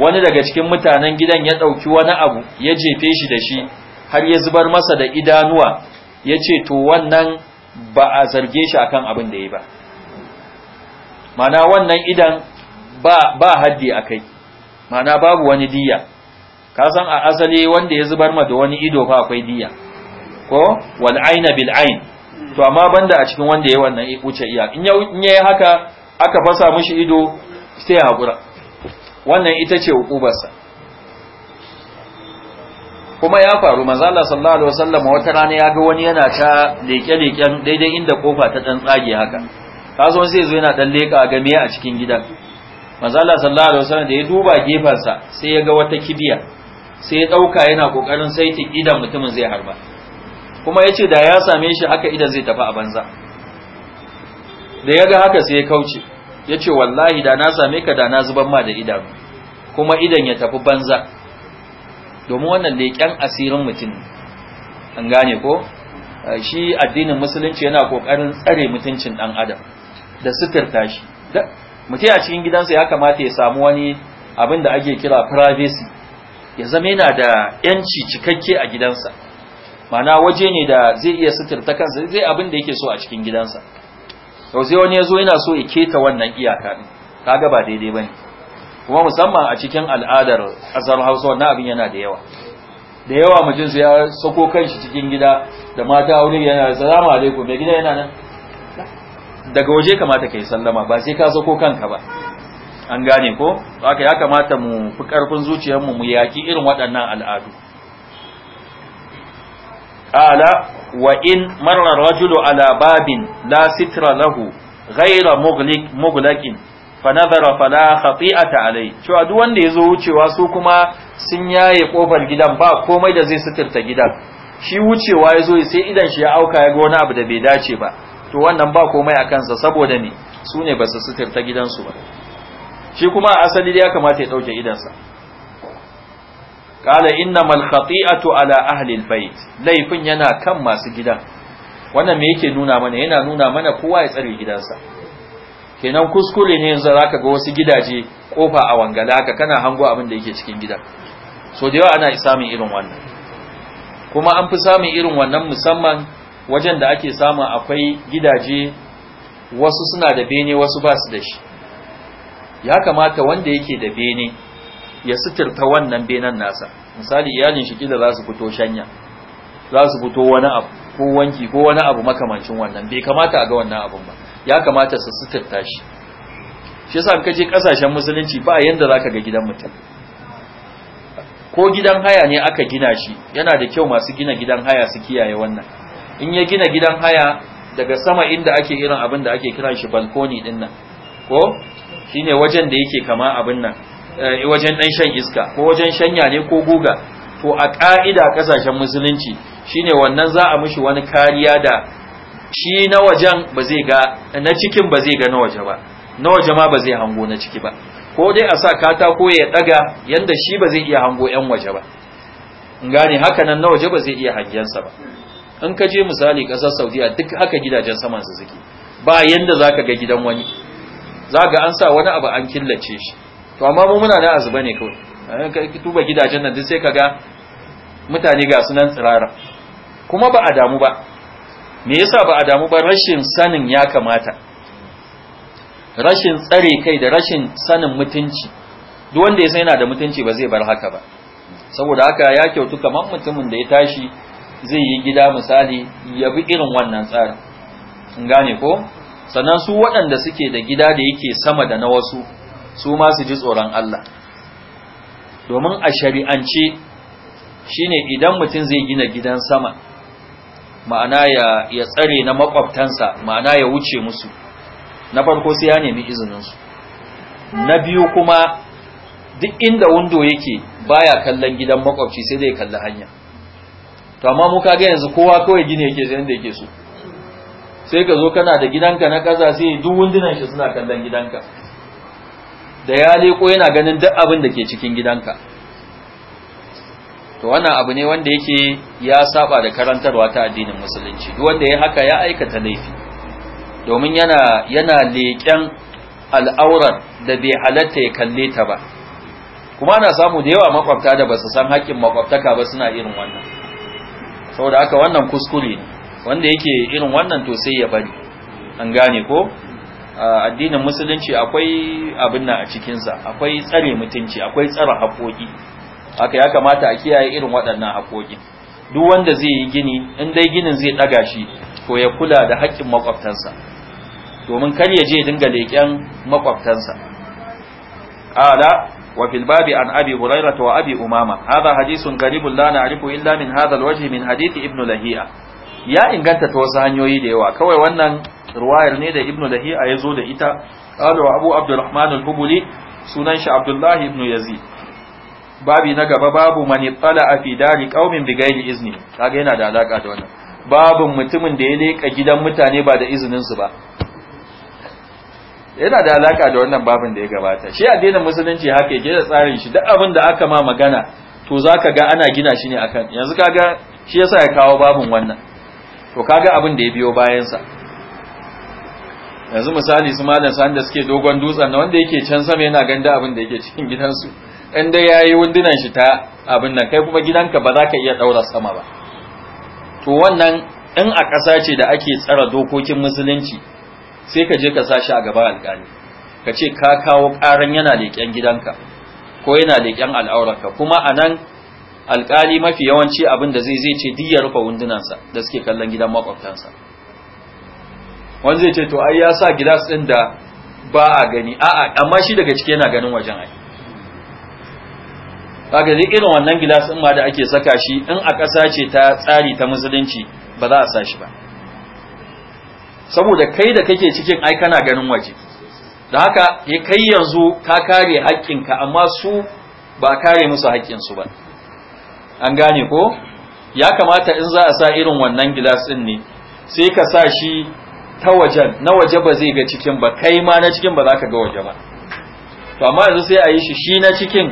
wani daga cikin mutanen gidan ya ɗauki wani abu ya jefe shi da shi har ya zubar masa da idanuwa ya ce to wannan ba a zarge shi akan abin da ya ba mana wannan idan ba haddi a kai mana babu wani diya kasan a asali wanda ya zubar ma da wani ido fa akwai diya ko wal'aina bil'ain to amma banda a cikin wanda ya wannan wuce iya in ya haka aka fasa mishi ido sai ya haƙura wannan ita ce hukubarsa kuma ya faru manzala sallallahu alaihi wasallam wata rana ya ga wani yana ta leke-leken daidai inda kofa ta dan tsage haka kazo sai zo yana dan leka ga me a cikin gidan manzala sallallahu alaihi wasallam da ya duba gefansa sai ya ga wata kibiya sai ya dauka yana kokarin saiti idan mutumin zai harba kuma yace da ya same shi haka idan zai tafi a banza da ya ga haka sai ya kauce ya ce wallahi da na same ka da na zuban ma da idanu kuma idan ya tafi banza domin wannan leƙen asirin mutum an gane ko shi addinin musulunci yana ƙoƙarin tsare mutuncin ɗan adam da suturta shi mutum a cikin gidansa ya kamata ya samu wani abin da ake kira privacy ya zama yana da yanci cikakke a gidansa ma'ana waje ne da zai iya suturta kansa zai abin da yake so a cikin gidansa to sai wani yazo yana so ya ta wannan iyaka din kaga ba daidai bane kuma musamman a cikin al'adar ƙasar Hausa wannan abin yana da yawa da yawa mutum sai ya sako kanshi cikin gida da mata aure yana assalamu alaikum mai gida yana nan daga waje kamata kai sallama ba sai ka sako kanka ba an gane ko haka ya kamata mu fi karfin zuciyarmu mu yaki irin waɗannan al'adu ala wa in marra rajulu ala babin la sitra lahu ghayra mughliq alai cewa duk wanda ya zo wucewa su kuma sun yaye kofar gidan ba komai da zai suturta gidan shi wucewa yazo sai idan shi ya auka ya ga wani abu da bai dace ba to wannan ba komai a kansa saboda ne su ne basu su suturta gidansu ba shi kuma a asali da ya kamata ya ɗauke idonsa. inna innamal khati'atu ala ahli albayt laifin yana kan masu gidan wannan me yake nuna mana yana nuna mana kowa ya tsare gidansa kenan kuskure ne yanzu zaka ga wasu gidaje kofa a wangala haka kana hango abin da yake cikin gida so da yawa ana samun irin wannan kuma an fi samun irin wannan musamman wajen da ake samun akwai gidaje wasu suna da bene wasu ba su da shi ya kamata wanda yake da bene ya suturta wannan benan nasa misali iyalin shi kila za su fito shanya za su fito wani abu ko wanki ko wani abu makamancin wannan bai kamata a ga wannan abun ba ya kamata su suturta shi shi yasa kaje kasashen musulunci ba yanda zaka ga gidan mutum ko gidan haya ne aka gina shi yana da kyau masu gina gidan haya su kiyaye wannan in ya gina gidan haya daga sama inda ake irin abin da ake kiran shi balkoni din nan ko shine wajen da yake kama abin nan Eh, wajen ɗan shan iska ko wajen shanya ne ko guga to a ka'ida kasashen musulunci shine wannan za a mishi wani kariya da shi na wajen ba zai ga na cikin ba zai ga na waje ba na waje ma ba zai hango na ciki ba ko dai a sa katako ya daga yanda shi ba zai iya hango yan waje ba gane haka nan na waje ba zai iya hangensa ba in ka je misali ƙasar saudiya duk haka gidajen saman su suke ba yanda zaka ga gidan wani zaka an sa wani abu an killace shi to amma mu muna da azuba ne kawai eh, ka tuba gidajen nan duk sai kaga mutane ga sunan tsirara kuma ba a damu ba me yasa ba a damu ba rashin sanin ya kamata rashin tsare kai da rashin sanin mutunci duk wanda ya san yana da mutunci ba zai bar haka ba saboda haka ya kyautu kamar mutumin da ya tashi zai yi gida misali ya bi irin wannan tsarin gane ko sannan su waɗanda suke da gida da yake sama da na wasu su ma su ji tsoron Allah domin a shari'ance shine idan mutum zai gina gidan sama ma'ana ya ya tsare na makwabtansa ma'ana ya wuce musu na farko sai ya nemi izinin su na biyu kuma duk inda window yake baya kallon gidan makwabci sai dai kalli hanya to amma mu kaga yanzu kowa kawai gine yake sai inda yake so sai ka zo kana da gidanka na kaza sai duk wundunan shi suna kallon gidanka da ya leko yana ganin duk abin da ke cikin gidanka to wannan abu ne wanda yake ya saba da karantarwa ta addinin musulunci duk wanda ya haka ya aikata laifi domin yana yana leƙen al'aurar da bai halatta ya kalle ta ba kuma ana samu da yawa makwabta da basu san haƙƙin makwabtaka ba suna irin wannan saboda haka wannan kuskure ne wanda yake irin wannan to sai ya bari an gane ko addinin musulunci akwai abin nan a cikinsa akwai tsare mutunci akwai tsare haƙoƙi haka ya kamata a kiyaye irin waɗannan haƙoƙi duk wanda zai yi gini in dai ginin zai ɗaga shi ko ya kula da haƙƙin makwabtansa domin kar ya je dinga leƙen makwabtansa maƙwabtansa fil babi an abi أبي wa abi umama. هذا حديث غريب lana نعرفه illa min هذا waje min hadith ibnu Lahiya. ya inganta ta wasu hanyoyi da yawa kawai wannan ruwayar ne da ibnu lahiya ya zo da ita qalu abu abdurrahman al-hubuli sunan shi abdullahi ibnu yazi babi na gaba babu man ittala fi dari qaumin bi izini. izni ga yana da alaka da wannan babu mutumin da ya leka gidan mutane ba da izininsu ba yana da alaka da wannan babin da ya gabata shi addinin musulunci haka yake da tsarin shi duk abin da aka ma magana to zaka ga ana gina shi ne akan yanzu kaga shi yasa ya kawo babin wannan to kaga abin da ya biyo bayansa yanzu misali su malam san da suke dogon dutsen na wanda yake can sama yana ganda abin da yake cikin gidansu in dai yayi wundunan shi ta abin nan kai kuma gidanka ba za ka iya ɗaura sama ba to wannan in a ƙasa ce da ake tsara dokokin musulunci sai ka je ka sa shi a gaban alƙali ka ce ka kawo ƙaran yana leƙen gidanka ko yana leƙen al'aurarka kuma a nan Alƙali mafi yawanci abin da zai zai ce duk ya rufe wundunansa da suke kallon gidan makwabtansa wanda zai ce to ai ya sa gilas ɗin da ba a gani a'a amma shi daga ciki yana ganin wajen ai kaga dai irin wannan gilas din ma da ake saka shi in a ƙasa ce ta tsari ta musulunci ba za a sa shi ba saboda kai da kake cikin ai kana ganin waje da haka ya kai yanzu ka kare haƙƙinka amma su ba kare musu haƙƙinsu ba an gane ko ya kamata in za a sa irin wannan gilas din ne sai ka sa shi ta wajen na waje ba zai ga cikin ba kai ma na cikin ba za ka ga waje ba to amma yanzu sai a yi shi shi na cikin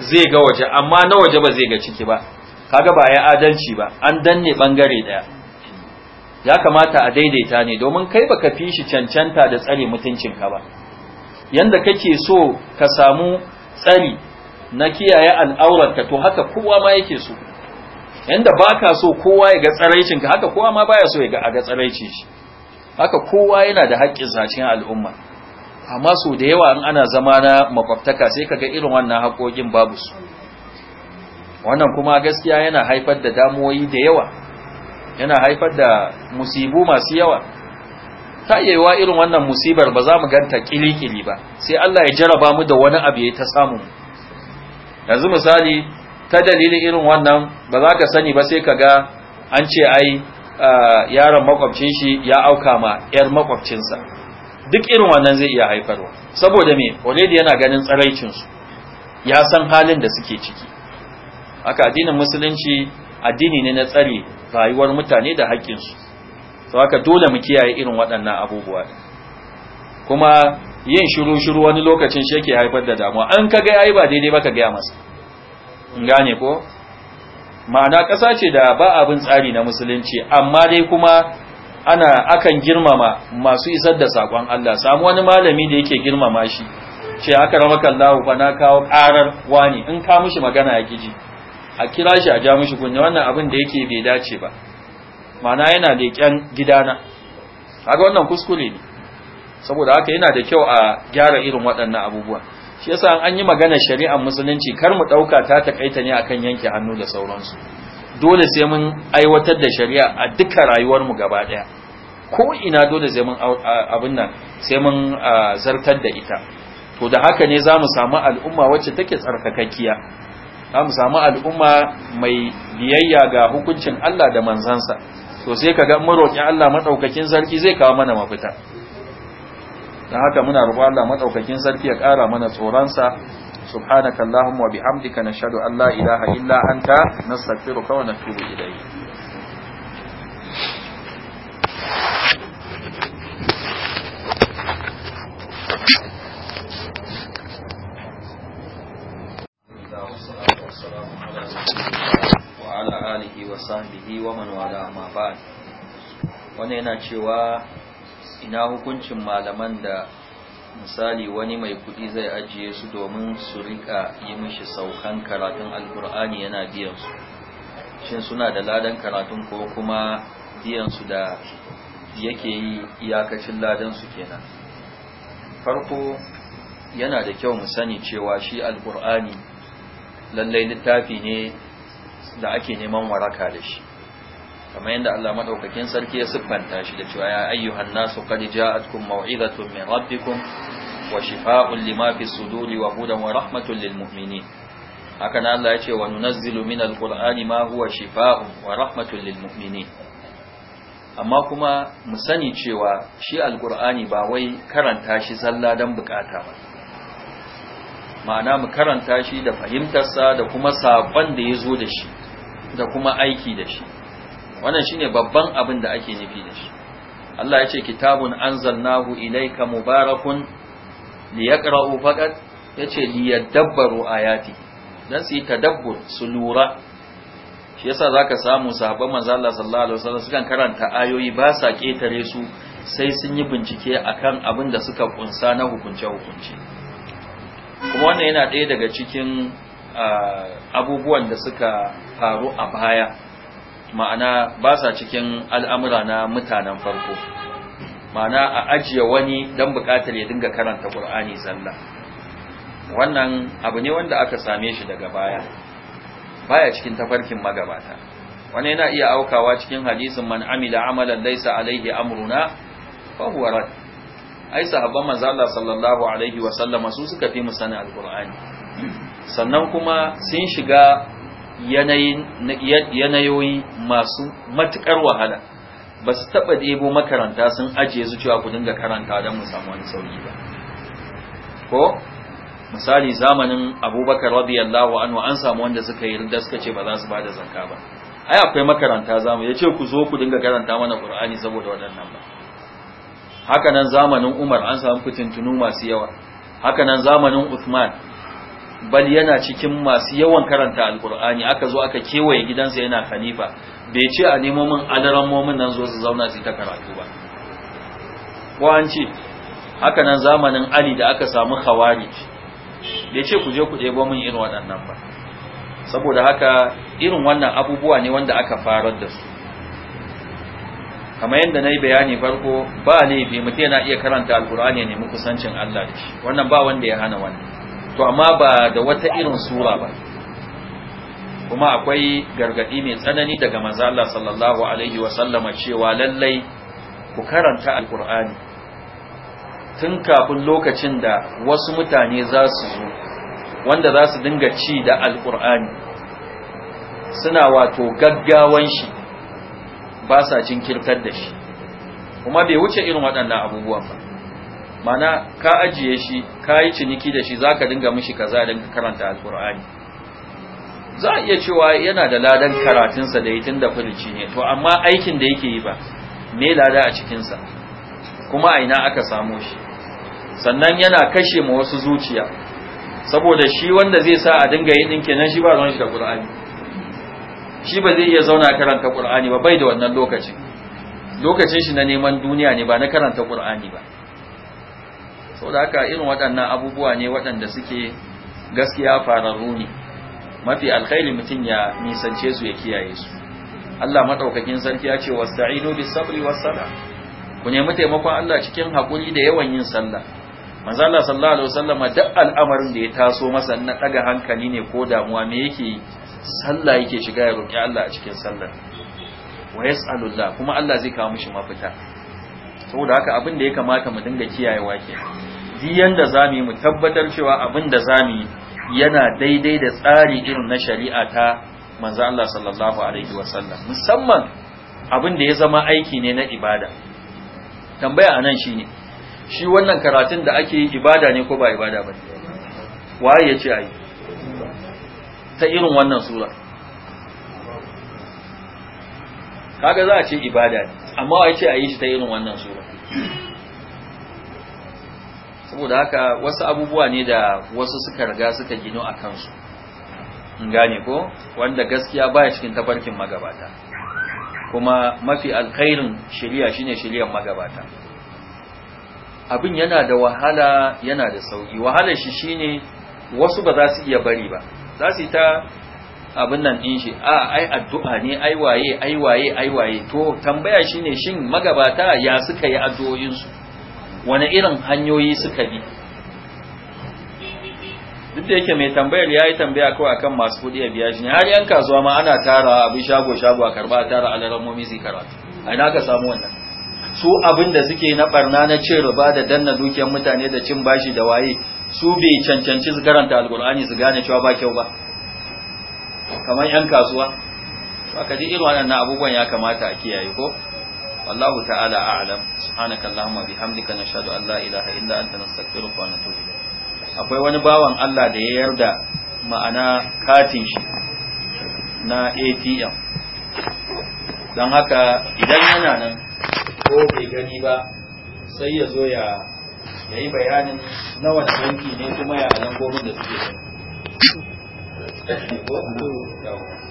zai ga waje amma na waje ba zai ga ciki ba kaga ba ya adalci ba an danne bangare daya ya kamata a daidaita ne domin kai baka fi shi cancanta da tsare mutuncinka ba yanda kake so ka samu tsari na kiyaye al'aurarka to haka kowa ma yake so yanda baka so kowa ya ga tsaraicin ka haka kowa ma baya so ya ga a ga tsaraicin shi haka kowa yana da haƙƙin zacin al'umma amma so da yawa in ana zama na makwabtaka sai kaga irin wannan haƙoƙin babu su wannan kuma gaskiya yana haifar da damuwoyi da yawa yana haifar da musibu masu yawa ta iya wa irin wannan musibar ba za mu ganta kili-kili ba sai Allah ya jaraba mu da wani abu ya ta samu mu yanzu misali ta dalilin irin wannan ba za ka sani ba sai ka ga an ce ai yaron makwabcin shi ya auka ma yar makwabcinsa duk irin wannan zai iya haifarwa saboda me already yana ganin tsaraicinsu ya san halin da suke ciki haka addinin musulunci addini ne na tsare rayuwar mutane da haƙƙinsu to haka dole mu kiyaye irin waɗannan abubuwa kuma yin shiru shiru wani lokacin shi yake haifar da damuwa an ka ga yayi ba daidai ba ka ga masa in gane ko ma'ana ƙasa ce da ba abin tsari na musulunci amma dai kuma ana akan girmama masu isar da sakon Allah samu wani malami da yake girmama shi ce aka rama kallahu fa na kawo karar wani in ka mishi magana ya ji a kira shi a ja mishi kunne wannan abin da yake bai dace ba ma'ana yana leƙen gidana kaga wannan kuskure ne saboda haka yana da kyau a gyara irin waɗannan abubuwa shi yasa an yi magana shari'ar musulunci kar mu ɗauka ta takaita ne akan yanke hannu da sauransu dole sai mun aiwatar da shari'a a duka mu gaba ɗaya ko ina dole sai mun abin nan sai mun zartar da ita to da haka ne zamu samu al'umma wacce take tsarkakakkiya za samu al'umma mai biyayya ga hukuncin Allah da manzansa to sai kaga mun roki Allah madaukakin sarki zai kawo mana mafita don haka muna roƙo Allah madaukakin sarki ya ƙara mana tsoronsa subhanaka allahumma wa bihamdika nashhadu an allah ilaha illa anta na wa natubu ilayk وعلى آله وصحبه ومن والاه ما بعد وانا cewa ina hukuncin malaman da misali wani mai kudi zai ajiye su domin su rika yi mishi saukan karatun alkur'ani yana biyan su shin suna da ladan karatun ko kuma biyan su da yake yi iyakacin ladan su kenan farko yana da kyau mu sani cewa shi alkur'ani lallai littafi ne da ake neman waraka da shi kamar yadda Allah madaukakin sarki ya siffanta shi da cewa ya ayyuhan nasu qad ja'atkum maw'izatun min rabbikum wa shifaa'un lima fi suduri wa hudan wa rahmatun lil mu'minin haka nan Allah ya ce wa nunazzilu min alqur'ani ma huwa shifaa'un wa rahmatun lil mu'minin amma kuma mu sani cewa shi alqur'ani ba wai karanta shi zalla dan bukata ba ma'ana mu karanta shi da fahimtarsa da kuma saƙon da ya zo da shi da kuma aiki da shi wannan shine babban abin da ake nufi da shi Allah ya ce kitabun anzalnahu ilayka mubarakun liyaqra'u faqat yace liyadabbaru ayati dan su yi tadabbur su lura shi yasa zaka samu sahabban manzo Allah sallallahu alaihi wasallam sukan karanta ayoyi ba sa ketare su sai sun yi bincike akan abin da suka kunsa na hukunce hukunci kuma wannan yana ɗaya daga cikin ah, abubuwan da suka faru a baya ma'ana ba sa cikin al'amura na mutanen farko ma'ana a ajiye wani don bukatar ya dinga karanta ƙur'ani zalla wannan abu ne wanda aka same shi daga baya baya cikin tafarkin magabata wani yana iya aukawa cikin hadisin man amila amalan laisa alaihi amruna fa huwa rad ai sahabban manzo Allah sallallahu alaihi wa sallama su suka fi mu al qurani sannan kuma sun shiga yanayoyi masu matukar wahala ba su taɓa ɗebo makaranta sun ajiye su cewa ku dinga karanta don mu samu wani sauki ba ko misali zamanin abubakar radiyallahu anhu an samu wanda suka yi rinda suka ce ba za su ba da zakka ba ai akwai makaranta zamu ya ce ku zo ku dinga karanta mana qur'ani saboda waɗannan ba haka nan zamanin umar an samu fitintunu masu yawa haka nan zamanin uthman bal yana cikin masu yawan karanta alkur'ani aka zo aka kewaye gidansa yana khalifa bai ce a nemo min adaran momin nan zo su zauna su ta karatu ba ko an ce haka nan zamanin ali da aka samu khawarij bai ce ku je ku ɗebo min irin waɗannan ba saboda haka irin wannan abubuwa ne wanda aka farar da su kamar yadda na yi bayani farko ba laifi mutum yana iya karanta alkur'ani ya nemi kusancin allah da shi wannan ba wanda ya hana wannan to amma ba da wata irin sura ba kuma akwai gargadi mai tsanani daga manzo sallallahu alaihi wa sallama cewa lallai ku karanta alqur'ani tun kafin lokacin da wasu mutane za su zo wanda za su dinga ci da alqur'ani suna wato gaggawan shi ba sa cin kirtar da shi kuma bai wuce irin waɗannan abubuwan ba mana ka ajiye shi ka yi ciniki da shi za ka dinga mishi kaza don ka karanta alkur'ani za a iya cewa yana da ladan karatunsa da yi tun da furuci ne to amma aikin da yake yi ba me lada a cikinsa kuma a ina aka samo shi sannan yana kashe ma wasu zuciya saboda shi wanda zai sa a dinga yin ɗinke nan shi ba zan shi da ƙur'ani shi ba zai iya zauna karanta ƙur'ani ba bai da wannan lokacin lokacin shi na neman duniya ne ba na karanta ƙur'ani ba da haka irin waɗannan abubuwa ne waɗanda suke gaskiya fararru ne mafi alkhairi mutum ya nisance su ya kiyaye su Allah maɗaukakin sarki ya ce wasta'inu bi sabri was sala ku nemi taimakon Allah cikin haƙuri da yawan yin sallah manzo Allah sallallahu alaihi wasallam duk al'amarin da ya taso masa na daga hankali ne ko damuwa me yake sallah yake shiga ya roki Allah a cikin sallar wa yas'alullah kuma Allah zai kawo mishi mafita saboda haka abin da ya kamata mu dinga kiyayewa kenan diyan da za mu yi mu tabbatar cewa abin da za mu yi yana daidai da tsari irin na shari'a ta manzo Allah sallallahu alaihi wasallam musamman abin da ya zama aiki ne na ibada tambaya anan shine shi wannan karatun da ake yi ibada ne ko ba ibada ba waye ya ce ayi ta irin wannan sura kaga za a ce ibada ne amma waye ce ayi shi ta irin wannan sura saboda haka wasu abubuwa ne da wasu suka riga suka gino a kansu in gane ko wanda gaskiya baya cikin tafarkin magabata kuma mafi alkhairin shari'a shine shari'ar magabata abin yana da wahala yana da sauki wahalar shi shine wasu ba za su iya bari ba za su ta abin nan din shi a ai addu'a ne ai waye ai waye ai waye to tambaya shine shin magabata ya suka yi addu'o'insu wani irin hanyoyi suka bi duk da yake mai tambayar ya yi tambaya kawai akan masu kuɗi a biya shi ne har yan kasuwa ma ana tara abin shago shago a karba a tara alaramomi zai karatu a ina ka samu wannan su abin da suke na barna na cin riba da danna dukiyar mutane da cin bashi da waye su bai cancanci su karanta alkur'ani su gane cewa ba kyau ba kamar yan kasuwa ka ji irin waɗannan abubuwan ya kamata a kiyaye ko wallahu ta'ala a'lam سبحانك اللهم bihamdika نشهد an لا ilaha illa anta نستغفرك ونتوب natubu akwai wani bawan Allah da ya yarda ma'ana katin shi na ATM don haka idan yana nan ko bai gani ba sai ya zo ya yi bayanin na wani banki ne kuma ya alan da suke